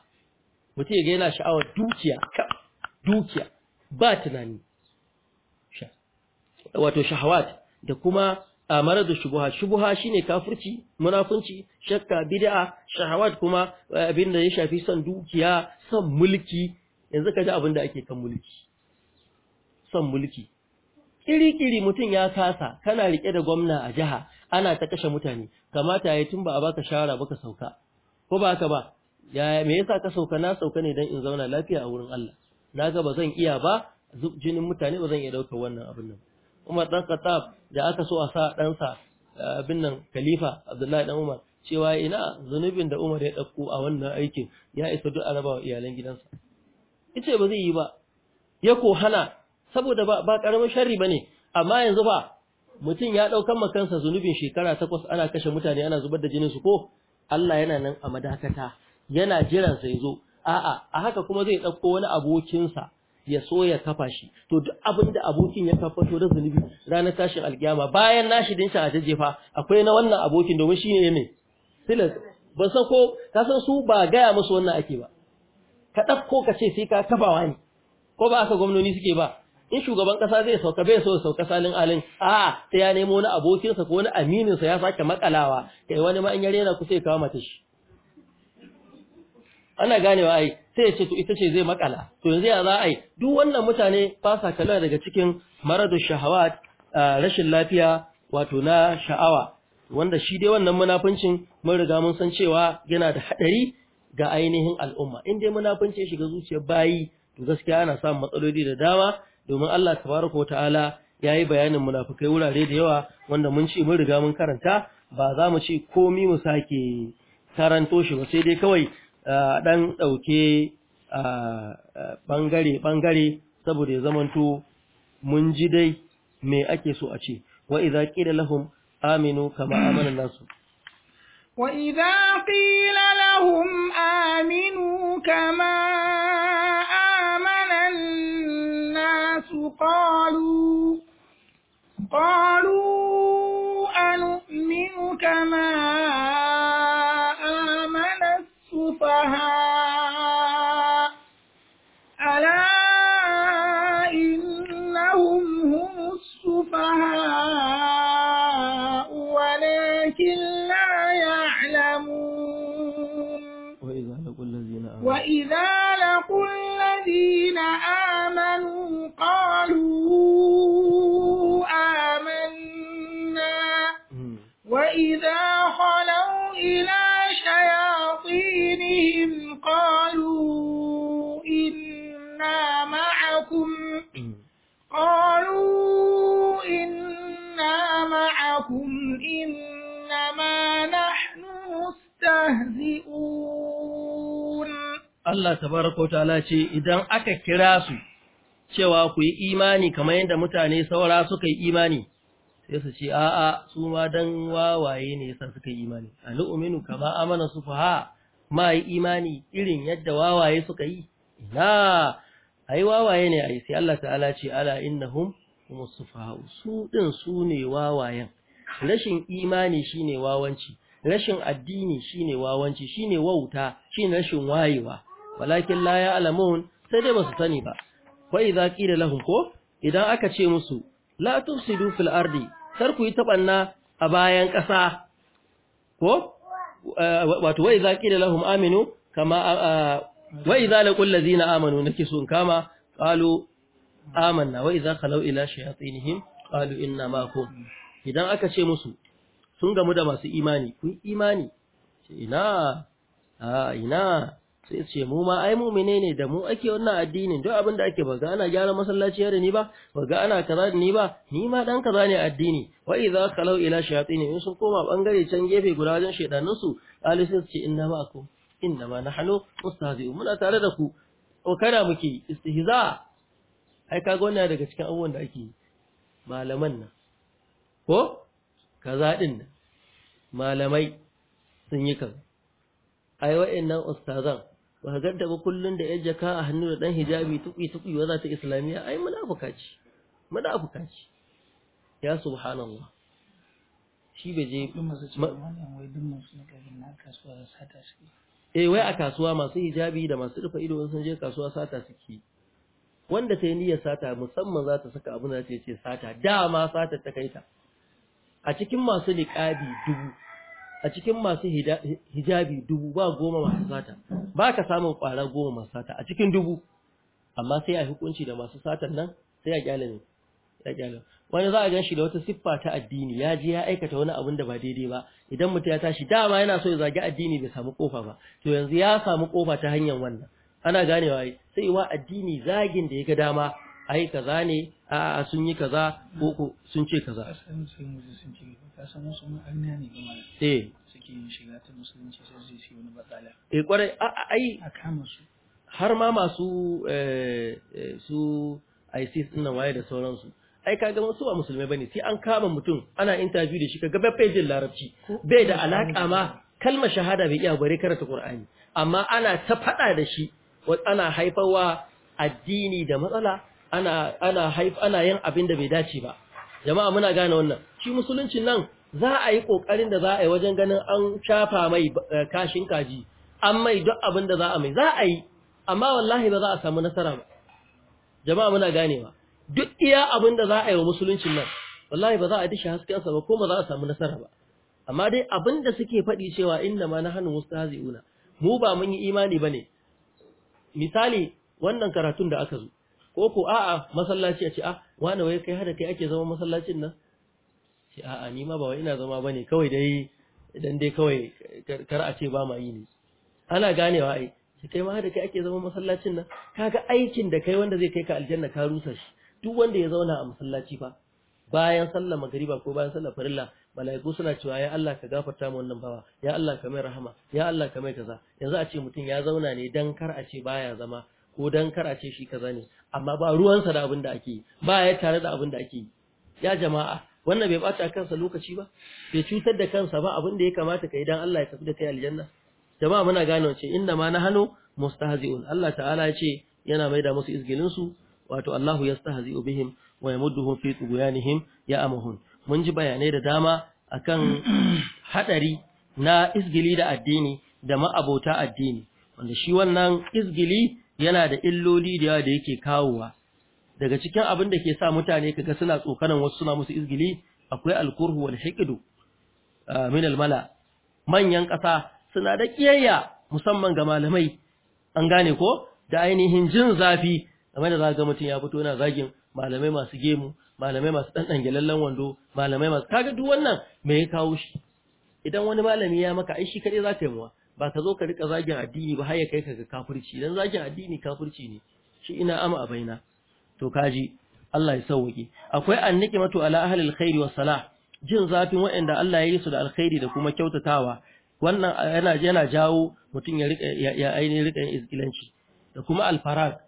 Speaker 1: mutum ga yana sha'awa dukiya dukiya ba tunani wato shahawat da kuma a da shubuha shubuha shine kafirci munafunci shakka bid'a shahawat kuma eh, abin da ya shafi son dukiya son mulki yanzu kaje abin da ake kan mulki son mulki kiri-kiri mutum ya kasa kana rike da gwamna a jiha ana ta kashe mutane kamata yayi tun ba a baka shawara ka sauka ko ba ka ba ya me yasa ka sauka na sauka ne dan in zauna lafiya a wurin Allah naga ba zan iya ba jinin mutane ba zan iya dauka wannan abin nan Umar dan Khattab da aka so a sa ɗansa eh, abin nan Khalifa Abdullahi dan Umar cewa ina zunubin da Umar ya ɗauko a wannan aikin ya isa duk araba wa iyalan gidansa. Ice ba zai yi ba, ya ko hana saboda ba ƙaramin sharri ba ne, amma yanzu ba mutum ya ɗaukan makansa zunubin shekara takwas ana kashe mutane ana zubar da jininsu ko Allah yana nan a madakata yana jiransa ya zo, a'a a haka kuma zai ɗauko wani abokinsa ya so ya kafa shi to duk abin da abokin ya kafa to da zunubi ranar tashin alkiyama bayan nashi din shi a jajjefa akwai na wannan abokin domin shine ne silas ban san ko ka san su ba gaya musu wannan ake ba ka dauko ka ce sai ka kafawa ne ko ba aka gwamnoni suke ba in shugaban kasa zai sauka bai so sauka salin alin a ta ya nemo wani abokinsa ko wani aminin sa ya sake makalawa kai wani ma in ya rena ku sai kawo mata shi ana ganewa ai sai ya ce to ita ce zai makala to yanzu ya za a yi duk wannan mutane ba sa kala daga cikin shahawa shahawa rashin lafiya wato na sha'awa wanda shi dai wannan munafincin mun riga mun san cewa yana da hadari ga ainihin al'umma in dai munafinci ya shiga zuciyar bayi to gaskiya ana samun matsaloli da dama domin Allah tabaraka wataala yi bayanin munafikai wurare da yawa wanda mun ce mun riga mun karanta ba za mu ce komi mu sake karanto shi ba sai dai kawai ɗan ɗauke ɓangare-ɓangare saboda ya zamanto mun ji dai me ake so a ce wa iza qila lahum aminu kama amana nasu
Speaker 2: wa iza qila lahum aminu kama amana nasu ƙaru qalu anu'minu kama
Speaker 1: Allah tabaraka wa ta'ala ce idan aka kira su cewa ku yi imani kamar yadda mutane saura suka yi imani sai su ce a'a su ma dan wawaye ne yasa suka yi imani al'uminu kama amana su fa ma yi imani irin yadda wawaye suka yi ina ai wawaye ne ai sai Allah ta'ala ce ala innahum hum su din su ne wawayen rashin imani shine wawanci rashin addini shine wawanci shine wauta shine rashin wayewa walakin la ya'lamun sai dai basu sani ba wa idza da lahum ko idan aka ce musu la tufsidu fil ardi kar ku yi tabanna a bayan ƙasa ko eh, wato wa idza qila lahum aminu kama eh, wa idza laqul ladina amanu nake sun kama qalu amanna wa idza khalu ila shayatinihim qalu inna ma'akum idan aka ce musu sun gamu da masu imani kun imani ina a ah, ina sai ce mu ma ai mu'mine ne da mu ake wannan addinin duk abin da ake ba ga ana gyara masallaci da ni ba ba ga ana kaza da ni ba ni ma dan kaza ne addini wa idza khalau ila shayatin in sun koma bangare can gefe guda wajen shedanun su alisu ce inna ma ku inna ma nahnu mustahzi'u muna tare da ku o kana muke istihza ai kaga wannan daga cikin abubuwan da ake malaman nan ko kaza din nan malamai sun yi kaza ai wa'annan ustazan ba ka ganta ba kullun da ya jaka a hannu da dan hijabi tuki tuki wa za ta islamiya ai munafuka ce munafuka ce ya subhanallah shi be je eh wai a kasuwa masu hijabi da masu rufe ido sun je kasuwa sata suke wanda ta yi niyyar sata musamman za ta saka abu da ce sata dama sata ta kai ta a cikin masu liƙabi dubu a cikin masu hijabi dubu ba goma masu sata ba ka samun kwara goma masu sata a cikin dubu amma sai a hukunci da masu satan nan sai a gyale wani za a gan shi da wata siffa ta addini ya je ya aikata wani abin da ba daidai ba idan mutum ya tashi dama yana so ya zagi addini bai samu kofa ba to yanzu ya samu kofa ta hanyar wannan ana ganewa sai wa addini zagin da ya ga dama ai kaza ne a sun yi kaza ko sun ce kaza eh
Speaker 2: suke yin shiga ta musulunci sai su yi wani batsala
Speaker 1: eh kwarai a ai a kama su har ma masu eh, eh, su ISIS din waye da sauransu ai kaga wasu ba musulmai bane sai an kama mutum ana interview da shi kaga bai jin larabci bai da alaka ma kalmar shahada bai iya bare karanta Qur'ani amma ana ta fada da shi ana haifarwa addini da matsala ana ana haif ana yin abin da bai dace ba jama'a muna gane wannan shi musuluncin nan za a yi kokarin da za a yi wajen ganin an shafa mai eh, kashin kaji an mai duk abin da za a mai za a yi amma wallahi ba za a samu nasara ba jama'a muna ganewa duk iya abin da za a yi wa musuluncin nan wallahi ba za a dishi sa ba ko ba za a samu nasara ba amma dai abin da suke faɗi cewa inda ma na hannu mustahzi'una mu ba mun yi imani bane misali wannan karatun da aka zo ko ko a'a masallaci a ce a ah, wani wai kai hada kai ake zama masallacin nan ce a'a ni ma ba wai ina zama bane kawai dai idan dai kawai kar a ce ba ma yi ne ana ganewa ai ce kai ma hada kai ake zama masallacin nan kaga aikin da kai wanda zai kai ka aljanna ka rusa shi duk wanda ya zauna a masallaci fa bayan sallar magariba ko bayan sallar farilla mala'iku suna cewa ya Allah ka gafarta mu wannan bawa ya Allah ka mai rahama ya Allah ka mai kaza yanzu a ce mutum ya zauna ne dan kar a ce baya zama ko dan kar a ce shi kaza ne amma ba ruwansa da abin da ake yi ba ya tare da abin da ake yi ya jama'a wannan bai bata kansa lokaci ba bai cutar da kansa ba abin da ya kamata kai dan Allah ya tafi da kai aljanna jama'a muna gane wace inna ma nahanu mustahzi'un Allah ta'ala ya ce yana maida musu izgilin su wato Allahu yastahzi'u bihim wa yamudduhum fi tughyanihim ya'mahun mun ji bayanai da dama akan hadari na izgili da addini da ma'abota addini wanda shi wannan izgili yana da illoli da yawa da yake kawowa daga cikin abin da ke sa mutane kaga suna tsokanan wasu suna musu izgili akwai alkurhu wal hiqdu ah, min mala manyan kasa suna da kiyayya musamman ga malamai an gane ko da ainihin jin zafi game da zaga mutum ya fito yana zagin malamai masu gemu malamai masu ɗanɗan gelallen wando malamai masu kaga duk wannan me ya kawo shi idan wani malami ya maka ai shi kaɗai za ta yi muwa ba ka zo ka rika zagin addini ba har ya kai ka ga kafirci dan zagin addini kafirci ne shi ina ama a baina to kaji Allah ya sauke akwai annikimatu ala ahlil alkhairi wa salah jin zafin waɗanda Allah ya yi su da alkhairi da kuma kyautatawa wannan yana yana jawo mutum ya rika ya aini rika izgilanci da kuma alfarak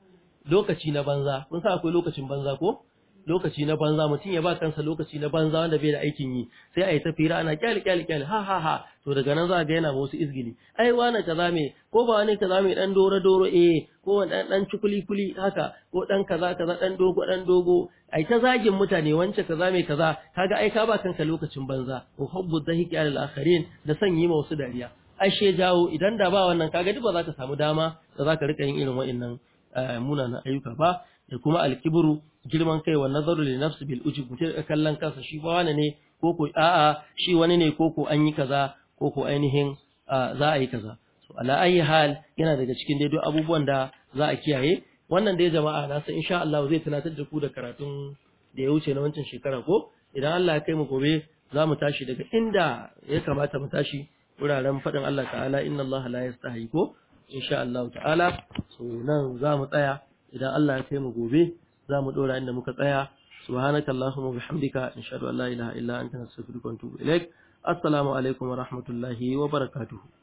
Speaker 1: lokaci na banza kun sa akwai lokacin banza ko lokaci na banza mutum ya ba kansa lokaci na banza wanda bai da aikin yi sai a yi ta fira ana kyali kyali kyali ha ha ha to daga nan za ga yana ba wasu izgili ai wani kaza me ko ba wani kaza me dan doro doro eh ko dan dan cukuli kuli haka ko dan kaza kaza dan dogo dan dogo ai ta zagin mutane wance kaza me kaza kaga ai ka ba kanka lokacin banza uhubbu dhahiki al akharin da yi ma wasu dariya ashe jawo idan da ba wannan kaga duk ba za ka samu dama da za ka rika yin irin wa'annan eh, munanan ayyuka ba da kuma alkibru girman kai wa nazaru li nafsi bil uji mutum da kallon kansa shi ba wani ne ko ko a'a shi wani ne ko ko an yi kaza ko ko ainihin za a yi kaza so ala ayi hal yana daga cikin daidai abubuwan da za a kiyaye wannan dai jama'a na san insha Allah zai tunatar da ku da karatun da ya wuce na wancan shekara ko idan Allah ya kai mu gobe za mu tashi daga inda ya kamata mu tashi wuraren faɗin Allah ta'ala inna Allah la yastahi ko insha Allah ta'ala so nan za mu tsaya idan Allah ya kai mu gobe za mu ɗora inda muka tsaya subhanaka allahumma bihamdika nashhadu an la ilaha illa anta nastaghfiruka wa natubu ilaik assalamu alaikum wa rahmatullahi wa barakatuhu.